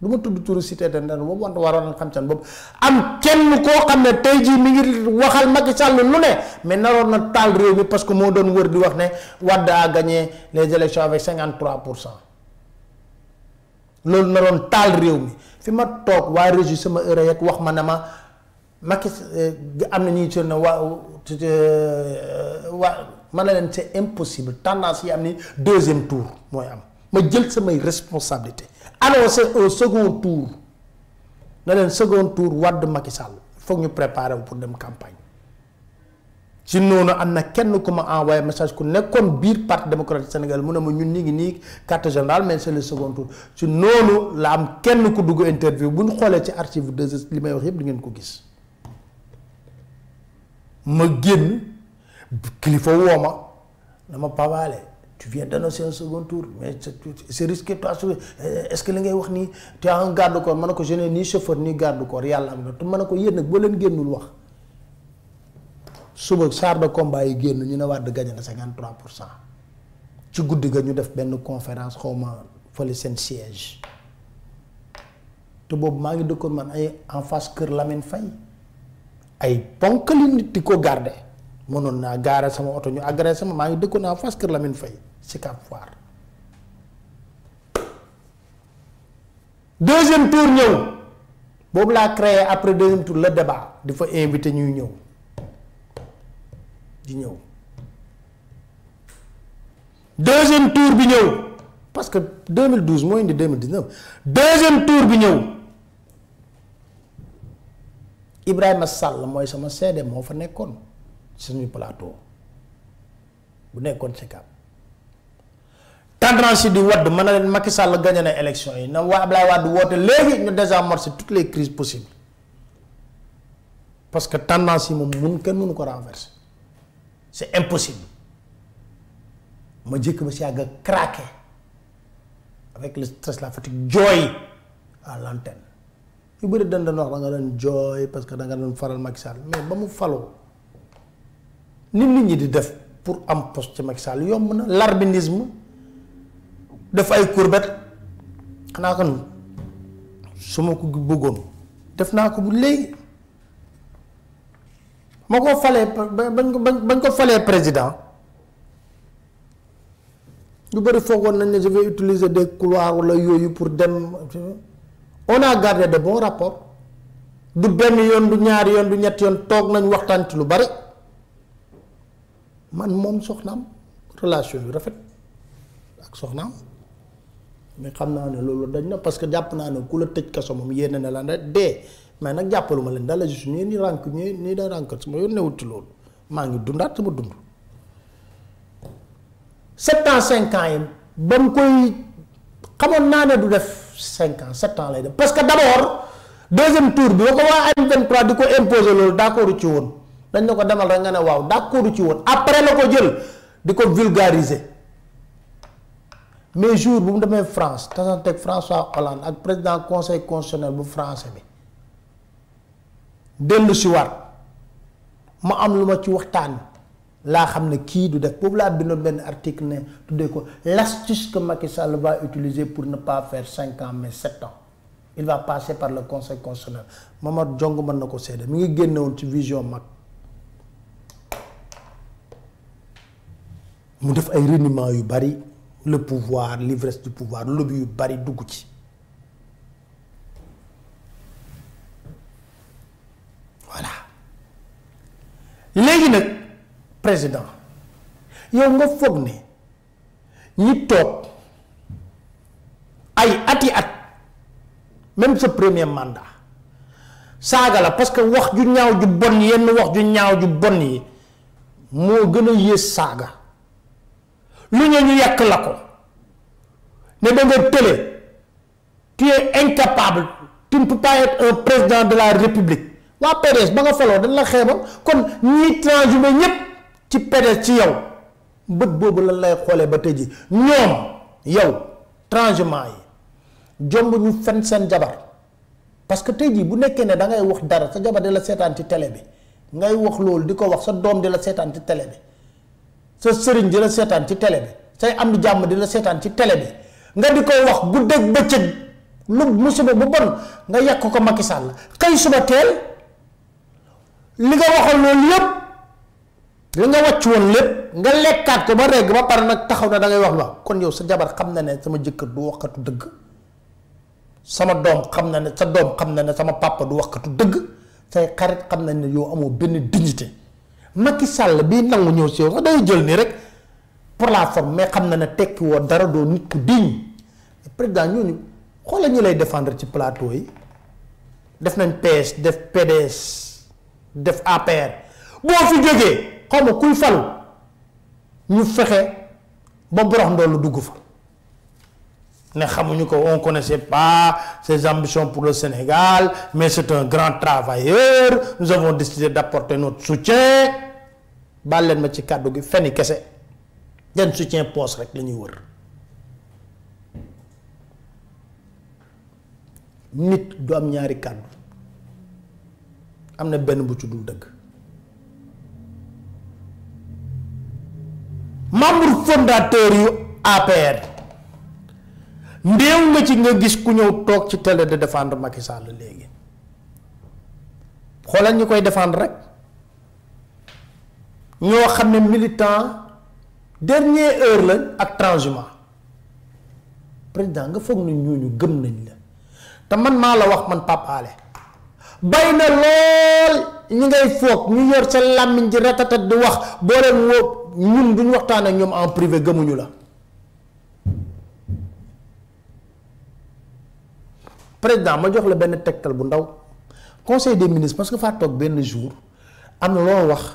du ma tudd turu de na am kenn ko ne mi ngi waxal Macky lu ne mais na parce que doon wër di wax ne a gagné les élections avec 53%. fi ma tok wa sama heure wax ma ne Macky eh, am na eh, impossible tendance yi deuxième tour moy am ma jël responsabilité annoncé un second tour na leen second tour Wade Macky Sall foog ñu préparer wu pour dem campagne ci noonu am na kenn ku ma envoyé message ku nekkoon biir parti démocratique Sénégal mu ne ma ñun ñu ngi nii carte générale mais c'est le second tour ci noonu la am kenn ku dugg interview bu ñu xoolee ci archive de li may wax yëpp di ngeen ko gis ma génn kilifa woo ma dama pavaale tu viens d'annoncer un second tour mais c'est risqué toi euh, est-ce que li ngay wax nii tu as un garde corps ma ne ko je n'ai ni chauffeur garde corps yàlla am na te ma ne ko yéen nag boo leen génnul wax suba char de combat yi génn ñu ne Wade gagné na 53 pour cent ci guddi ga ñu def benn conférence xawma fële seen siège te boobu maa ngi dëkkoon man ay en face kër Lamine Faye ay ponkali nit di ko garde mënoon naa gaare sama oto ñu agressé sama maa ngi dëkkoon en face kër Lamine Faye C'est qu'à voir. deuxième tour nous. boobu l'a créé après deuxième tour le débat Il faut inviter ñuy deuxième tour bi parce que 2012 moins de 2019 deuxième tour bi ñëw Ibrahima Sall suis sama seede la fa sur le plateau bu pas Sicap tendance di wad man len Macky Sall gagné na élection yi na waa Ablaye Wade woote légui ñu désamorcer toutes les crises possibles parce que tendance yi moom mun kenn mënu ko renverser c'est impossible ma jëkk ba si yàgg craqué avec le stress la fatigue joy à ah, l'antenne yu bëri dañ dañ wax nga doon joy parce que da nga doon faral Macky Sall mais ba mu falo nit nit ñi di def pour am poste Macky Sall yomb na l'arbinisme def ay courbette xanaa kan su ma ko bëggoon def naa ko bu léegi ma ko falee bañ ko bañ ko falee président lu bari foogoon nañ ne je vais utiliser des couloirs wala yooyu pour dem on a gardé de bons rapports du benn yoon du ñaari yoon du ñetti yoon toog nañ waxtaan ci lu bari man moom soxnaam relation yu rafet ak soxnaam mais xamna naa ne loolu dañ na parce que japp na ne kula tejj kasso mom moom na la ne dé mais nak jappaluma leen dala juste ñii ni rank ñii ni da rank sama yone wut ci ma ngi dundat sama dund 75 ans bam koy xamone na ne du def 5 ans 7 ans lay def parce que d'abord deuxième tour bi ko wa am 23 diko imposer loolu d'accord ci won dañ nako demal rek nga ne waaw d'accord ci won après lako jël diko vulgariser mais jour bu mu en France avec François Hollande ak président conseil constitutionnel bu français bi dellu le war ma am luma ci waxtaan la xamné ki du def ben article né tudé ko l'astuce que Macky Sall va utiliser pour ne pas faire 5 ans mais 7 ans il va passer par le conseil constitutionnel mamad Jong mën na ko mi ngi won ci vision mak mu def ay reniement yu bari le pouvoir l'ivresse du pouvoir l'obus bari dugg voilà léegi nag président Il fogné, foog ne ñi top ay ati at même ce premier mandat Saga, la parce que wax ju ñaaw ju bon yenn wax ju ñaaw ju bon bonheur. moo yé a lu ne ñu yàq la ko ne da nga tële tu es incapable tu ne peux pas être un président de la république waa PDS ba nga faloo dañ la xeebal kon ñiy transhumé ñépp ci PDS ci yow bët boobu lan lay xoolee ba tey ji ñoom yow transhumant yi jomb ñu fen seen jabar parce que tey jii bu nekkee ne da ngay wax dara sa jabar di la seetaan ci télé bi ngay wax loolu di ko wax sa doom di la seetaan ci télé bi sa serigne dina setan ci télé bi say am di di la ci télé bi nga di wax wax guddeeg bëccëg lu musiba bu bon nga yak ko Macky Sall xëy suba tel li nga waxal lool yépp li nga wacc won lepp nga lekkat ko ba reg ba par nak taxaw na da ngay wax kon yow sa jabar xam na ne sama jëkkër du waxatu deug sama dom xam na ne sa dom xam na ne sama papa du waxatu deug say xarit xam na ne yow amo benn dignité Macky Sall le nangu ñëw pour mais xam na tekki wo dara nit ku diñ président défendre ci plateau yi def nañ PS def PDS def APR bo fi joggé xam ko kuy ñu fa ne on connaissait pas ses ambitions pour le Sénégal mais c'est un grand travailleur nous avons décidé d'apporter notre soutien baal ma ci kàddu gi fenn kese yan soutien poche rek lañuy wër nit du am ñaari kàddu am na benn bu ci dul dëgg membre fondateur yu APR ndéew nga ci nga gis ku ñëw toog ci télé de défendre Macky Sall léegi xoolal ñu koy défendre rek ñoo xam militant dernier heure la ak transhumant président nga foog ñu ñu gëm nañ la te man ma la wax man papaale bay na lol ñi ngay fogg ñu yor sa làmmiñ ji ratata di wax bo leen woo ñun duñ waxtaan ak ñom en privé gëmuñu la président ma jox la ben tektal bu ndaw conseil des ministres parce que fa tok ben jour am lo wax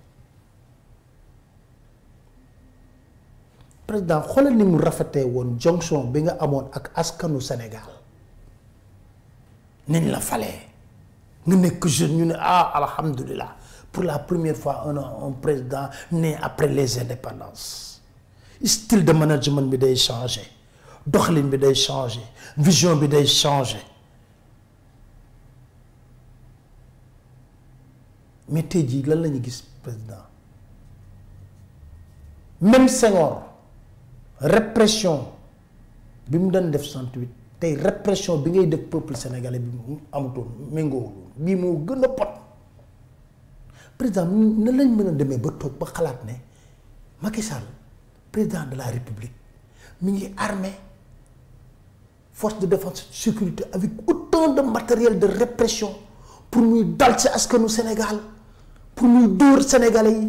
président xoolal ni mu rafetee won jonction bi nga amone ak askanu Sénégal nign la falé, nga nek jeune ñu né ah alhamdoulillah pour la première fois un président né après les indépendances style de management bi day changé doxlin bi day changé vision bi day changé mais tey jii lan lañu gis président même Senghor répression bi mu def répression bi ngay peuple sénégalais bi amaton, président lañ ba ba président de la république mi ngi armée force de défense sécurité avec autant de matériel de répression pour à ce que nous Sénégal pour nous dóor sénégalais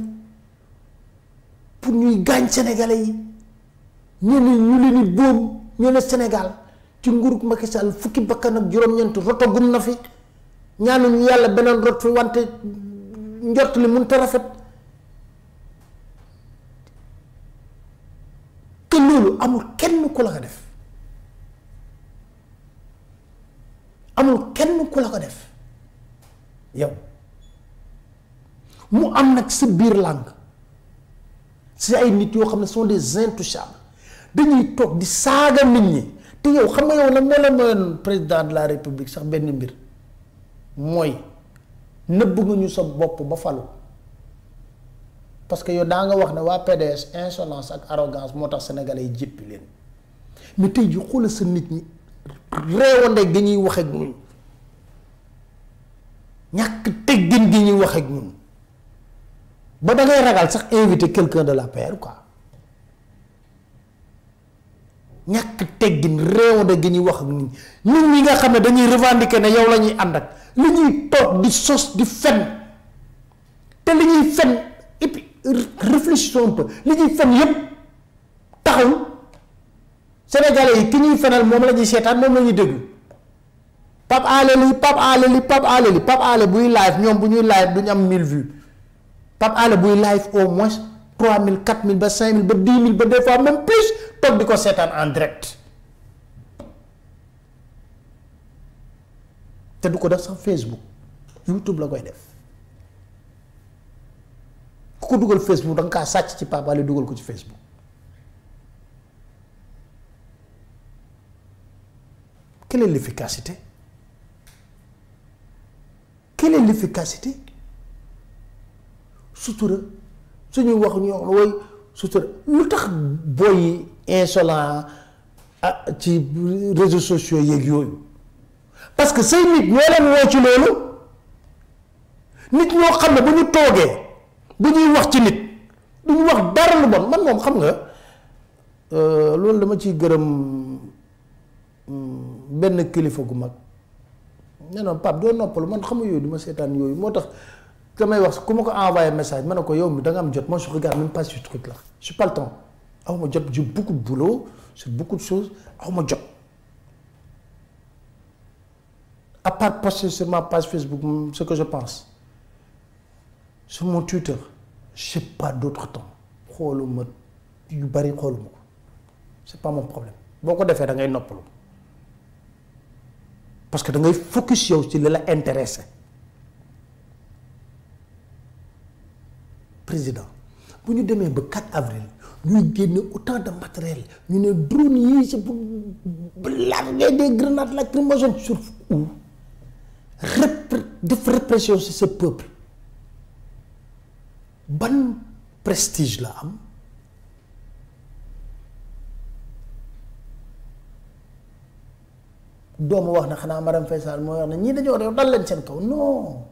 pour ñuy gagner sénégalais ñu ni ñu li ni boobu ñu ne Sénégal ci nguurug Macky Sall fukki bakkan ak juróom-ñeent rotagum na fi ñaanuñu yàlla beneen rot fi wante njort li mënut te rafet te loolu amul kenn ku la ko def amul kenn ku la ko def yow mu am nag sa biir làng si ay nit yoo xam ne sont des intouchables dañuy toog di saaga nit ñi te yow xam nga yow nag moo la mayoon président de la république sax benn mbir mooy nëbb nga ñu sa bopp ba falu parce que daa nga wax ne waa PDS insolence ak arrogance moo tax sénégalais yi jéppi leen mu tey ji xoola sa nit ñi réewandeeg dañuy wax ak ñun ñàkk teggin gi ñuy wax ak ñun ba da ragal sax invité quelqu'un de la paire quoi ñàkk teggin réewande gi ñuy wax ak nit ñi nga xam ne dañuy revendiquer na yow la ñuy ànd ak li ñuy toog di sos di fen te li ñuy fen et puis réfléchissons li ñuy fen yépp taxaw senegale yi ki ñuy fenal moom la ñuy seetaan moom la ñuy déglu Pape Alé li Pape Alé li Pape Alé li Pape Alé buy live ñoom bu ñuy live duñu am mille vues Pape Alé buy live au moins 3000 4000 5000 10.000, 10 000 2, fois même plus toog de ko en direct te du ko Facebook YouTube la koy def ko Facebook da nga ci Pape Facebook quelle est l'efficacité quelle est l'efficacité Surtout, suñuy wax ñu wax way sutura lu tax booy insolent ah ci réseaux sociaux yeeg yooyu parce que say nit ñoo leen woo ci loolu nit ñoo xam ne bu ñu toogee bu ñuy wax ci nit du ñu wax dara bon man moom xam nga euh, loolu dama ciy gërëm hmm, benn kilifa gu mag nee na Pape doo noppalu man xam nga yooyu duma seetaan yooyu moo tax. Comment wax un ma message moi je regarde même pas ce truc là Je n'ai pas le temps j'ai beaucoup de boulot J'ai beaucoup de choses aw ma job. à part poster sur ma page Facebook ce que je pense sur mon Twitter je n'ai pas d'autre temps xooluma yu bari xooluma Ce c'est pas mon problème Pourquoi tu fais da problème parce que da focus sur ce qui t'intéresse. président bu ñu demee ba 4 avril nous génne autant de matériel ñu ne drone yii c'est pour larguer des grenades lacrymogènes sur où de répression sur ce peuple ban prestige la am doomu wax na xanaa Marème Faye Sall mooy wax ne ñii dañoo en dal leen seen kaw non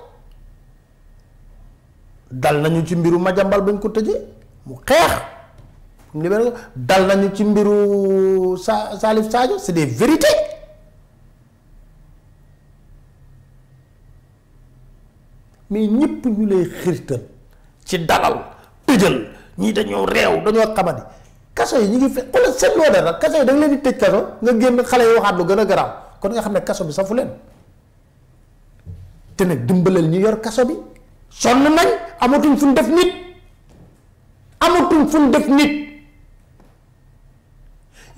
dal nañu ci mbiru Madiambal bañ ko tëjee mu xeex libéré dal nañu ci mbiru sa Salif Sadio c'est des vérités mais ñëpp ñu lay xirtal ci dalal tëjal ñii dañoo reew dañoo xamadi kaso yi ñu ngi fe xoolal seetloo dara kaso yi da nga leen tëj kaso nga génn xale yi waxaat lu gën a garaaw kon nga xam ne kaso bi safu leen te ne dimbalal ñu yor kaso bi. sonn nañ amatuñ fu def nit amatuñ fu def nit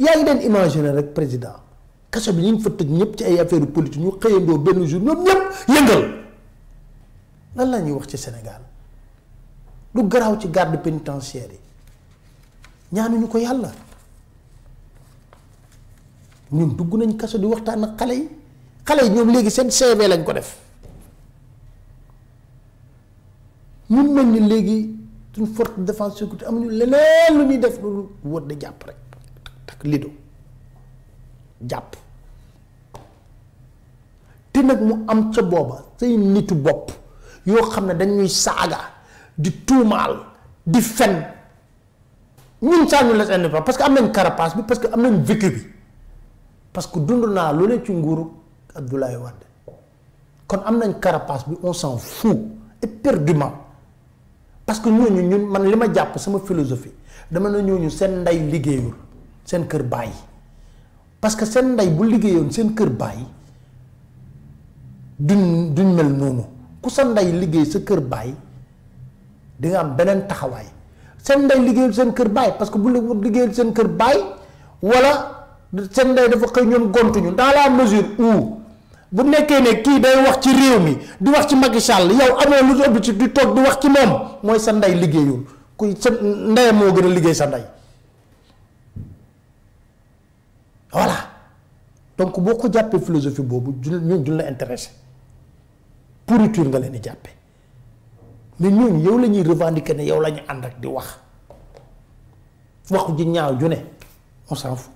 yaa ngi leen imaginer rek président kaso bi ñu fa tëj ñëpp ci ay affaire politique ñu xëyandoo benn jour ñoom ñëpp yëngal lan la ñuy wax ci Sénégal lu garaaw ci garde pénitentiaire yi ñaanuñu ko yàlla ñun dugg nañ kaso di waxtaan ak xale yi xale yi ñoom léegi seen CV lañ ko def mu mel ni léegi suñ force de défense sécurité amuñu leneen lu ñuy def loolu wër de jàpp rek tak lido jàpp te nag mu am ca booba say nitu bopp yoo xam ne dañuy saaga di tuumaal di fen ñun sànnu les indépendants parce que am nañ carapace bi parce que am nañ vécu bi parce que dund naa lu ne ci nguuru Abdoulaye Wade kon am nañ carapace bi on s'en fout éperdument parce que ñooñu ñun man li ma jàpp sama philosophie dama na ñooñu seen ndey liggéeyul seen kër bàyyi parce que seen ndey bu liggéeyoon seen kër bàyyi duñ duñ mel noonu ku sa ndey liggéey sa kër bàyyi di nga am beneen taxawaay seen ndey liggéeyul seen kër bàyyi parce que bu liggéeyul seen kër bàyyi wala seen ndey dafa xëy ñoom gontuñu dans la mesure où bu nekkee ne kii day wax ci réew mi di wax ci Macky Sall yow amoo lu habitude di toog di wax ci moom mooy sa ndey liggéeyul kuy sa ndeyam moo gën a liggéey sa ndey voilà donc boo ko jàppee philosophie boobu du ñun duñ la intéressé pourriture nga leen di jàppe mais ñooñu yow la ñuy revendiquer ne yow lañu ñu ànd di wax wax ji ñaaw ju ne on s'en fout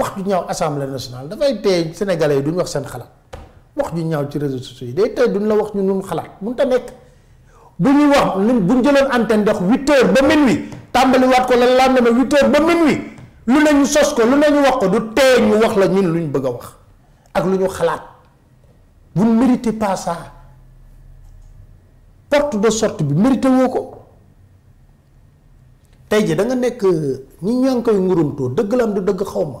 wax ju ñaaw assemblée nationale da fay tey sénégalais duñ wax seen xalaat wax ju ñaaw ci réseaux sociaux day tey duñ la wax ñu ñun xalaat mu ta nek buñu wax buñu jëlon antenne dox 8h ba minuit tambali wat ko la lendemain 8h ba minuit lu ne sos ko lu ne wax ko du tey ñu wax la ñun luñ bëgg wax ak luñu xalaat bu ne méritez pas ça porte de sorte bi mérité woo ko tey ji da nga nek ñi ñaa ngi koy ngurumtoo dëgg la am du deug xawma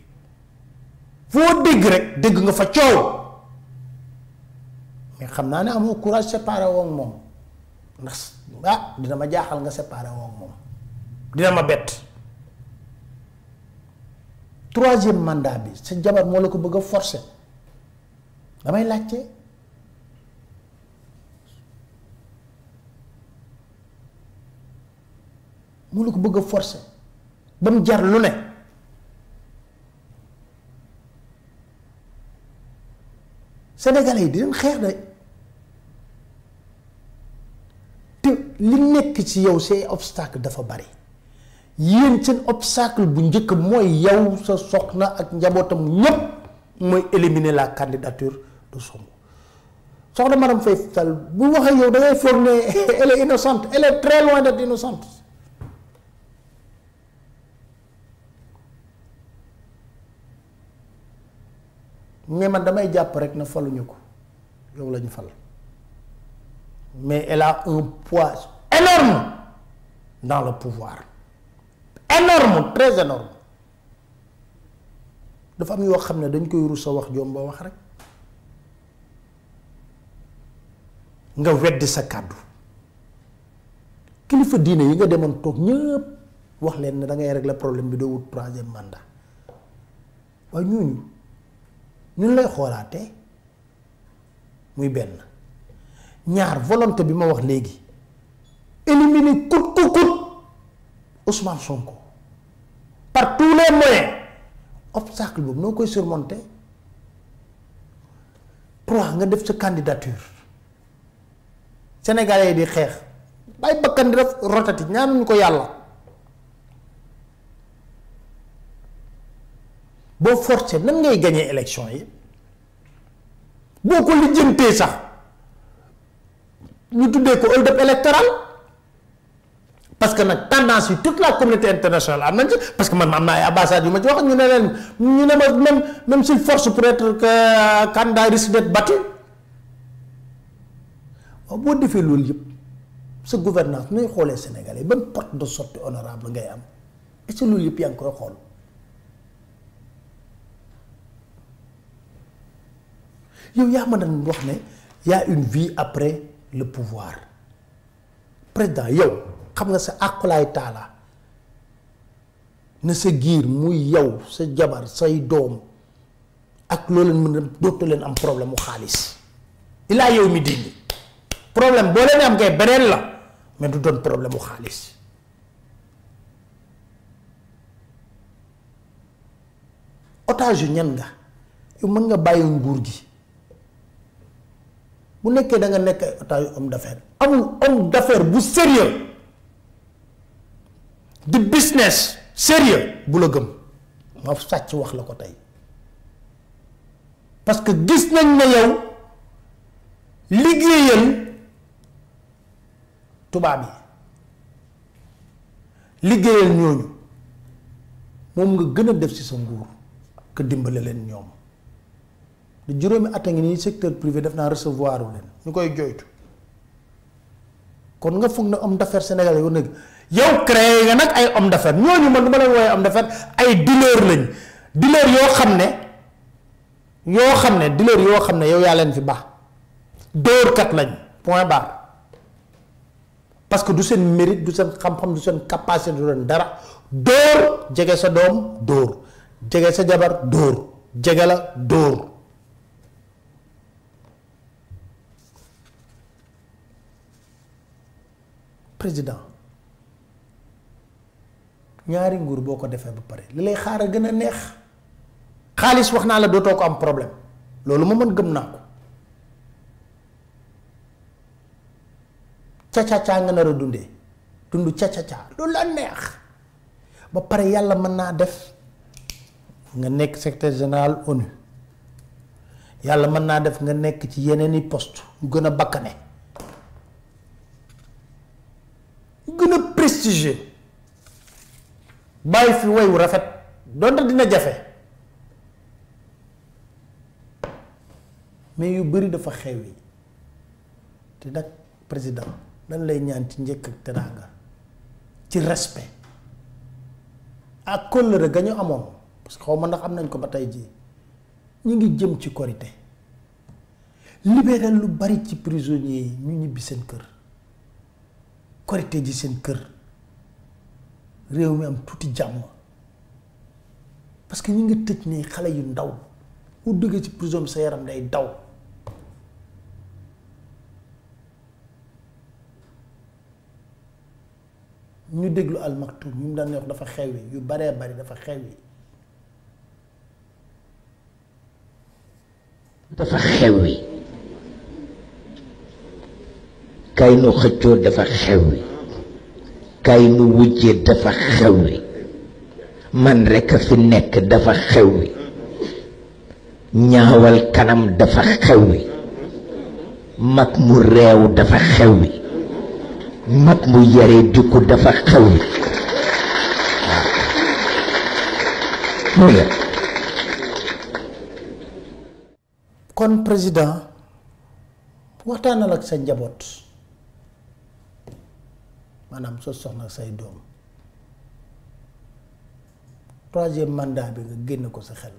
foo dégg rek dégg nga fa coow mais xam naa ne amoo courage séparé woo moom ndax ah dina ma jaaxal nga séparé woo ak moom dina ma bett troisième mandat bi sa jabar moo la ko bëgg a forcer damay laajte moo la ko bëgg a forcer ba mu jar lu ne. sénégalais yi di leen xeex de te li nekk ci yow say obstacle dafa bari yéen seen obstacle bu njëkk mooy yow sa soxna ak njabootam ñépp mooy éliminer la candidature de Sonko soxna Marème Faye Sall bu waxee yow da ngay foog ne elle est innocente elle est très mais man damay jàpp rek na faluñu ñuko yow lañu fal mais elle a un poids énorme dans le pouvoir énorme très énorme dafa am yo xamne dañ koy rusa wax jom ba wax rek nga wedd sa cadeau kilifa diine yi nga demone tok ñepp wax leen ne da ngay régler problème bi do wut troisième mandat wa ñooñu ñun lay xoolaatee muy benn ñaar volonté bi ma wax léegi éliminer coûte que coûte Ousmane Sonko par tous les moyens obstacle boobu noo koy surmonter trois nga def sa candidature sénégalais yi di xeex bàyyi bakkan di def rotati ko yàlla. boo forcé nan ngay gañee élection yi boo ko lijjantee sax ñu tuddee ko hold-up électoral parce que nag tendance yi toute la communauté internationale am nañ ci parce que man ma am naa ay yu ma ci wax ñu ne leen ñu ne ma même même s'il force pour être que candidat risque d'être battu waaw boo defee loolu yëpp sa gouvernance nuy xoolee Sénégalais ban porte de sortie honorable ngay am est loolu yëpp yaa ngi koy xool yow yaa ma doon wax ne y a une vie après le pouvoir président yow xam nga sa àqulaay taala na sa giir muy yow sa jabar say doom ak loo leen mën a dootu leen am problème mu xaalis ilaa yow mi dindi problème boo leen am kay beneen la mais du doon problème mu xaalis otage yu ñan nga yow mën nga bàyyi nguur gi bu nekkee da nga nekk ay otage homme d'affaires amul homme d'affaires bu sérieux di business sérieux bu la gëm ma sàcc wax la ko tey parce que gis nañ ne yow liggéeyal tubaab yi liggéeyal ñooñu moom nga gën a def ci sa nguur que dimbale leen ñoom juróomi at a ngi nii secteur privé def naa recevoir leen ñu koy joytu kon nga foog ne homme d'affaires sénégalais yu na yow créé nga nag ay homme d'affaires ñooñu man du ma leen woowee homme d'affaires ay dealer lañ dealer yoo xam ne yoo xam ne dealer yoo xam ne yow yaa leen fi door kat lañ point barre parce que du seen mérite du seen xam-xam du seen capacité du leen dara door jege sa doom door jege sa jabar door jege la door président ñaari nguur boo ko defee ba pare li lay xaar a gën a neex xaalis wax naa la dootoo ko am problème loolu ma mën gëm naa ko cacacaa nga nar a dundee dund cacacaa loolu la neex ba pare yàlla mën naa def nga nekk secrétaire général ONU yàlla mën naa def nga nekk ci yeneen i poste gën a bakkane prestigieux bàyyi fi woy wu rafet donte dina mais yu bëri dafa xewi te président lan lay ñaan ci njëkk ci respect ak kóllëre ga amoon parce que xaw ma ndax am nañ ko ba tey jii ngi jëm ci korité libéral lu bari ci prisonniers ñu korite ji seen kër réew mi am tuuti jàmm parce que ñi nga tëj nii xale yu ndaw bu duggee ci prison sa yaram day daw ñu déglu almaktum ñu daan wax dafa xewi yu bare bari dafa xewi dafa xewi kay nu xëccoo dafa xewwi kay nu wujjee dafa xewwi man rekk fi nekk dafa xewwi ñaawal kanam dafa xewwi mag mu reew dafa xewwi mag mu yare dikku dafa xewwi kon président waxtaanal ak sa njaboot Madame troisième mandat bi nga génn ko sa xel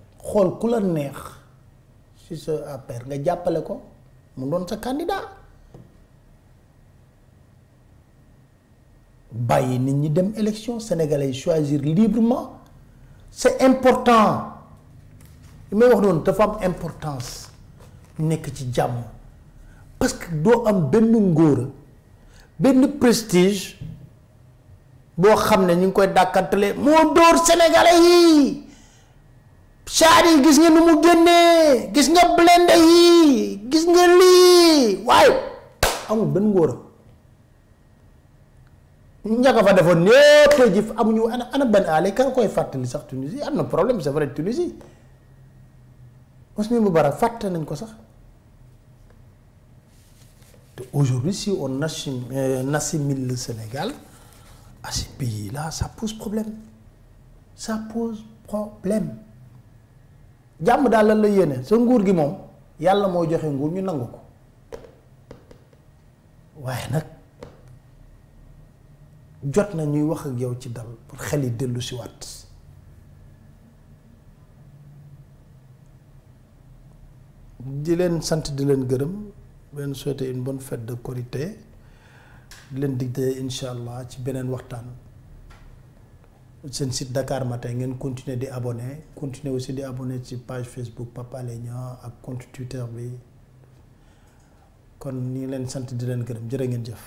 la neex ci le nga ko mu sa candidat gens nit ñi l'élection. Les sénégalais choisir librement c'est important Il wax importance nekk ci parce que pas am benn ngóora benn prestige boo xam ne ñu ngi koy dàkkantale moo door sénégalais yi saar yi gis nga nu mu génnee gis nga blende yi gis nga lii waaye amul benn ngóora ko fa defoon ñëpp tey jii amuñu ana ana benn aale kan koy fàttali sax Tunisie am na problème c'est vrai Tunisie Hosni Moubarak fàtte nañ ko sax Aujourd'hui, si on euh, assimile le Sénégal à ces pays-là, ça pose problème. Ça pose problème. jàmm daal lan la yéene sa nguur gi moom yàlla moo joxe nguur ñu nangu ko waaye nag jot na ñuy wax ak yow ci dal pour xel yi dellu si waat di leen sant di leen gërëm leen souhaiter une bonne fête de corité di leen digte incha ci beneen waxtaan seen site Dakar Matin ngeen continuer di abonné continuer aussi di abonné ci page Facebook papa Alé ak compte Twitter bi kon ñu ngi leen sant di leen gërëm jërë ngeen jëf.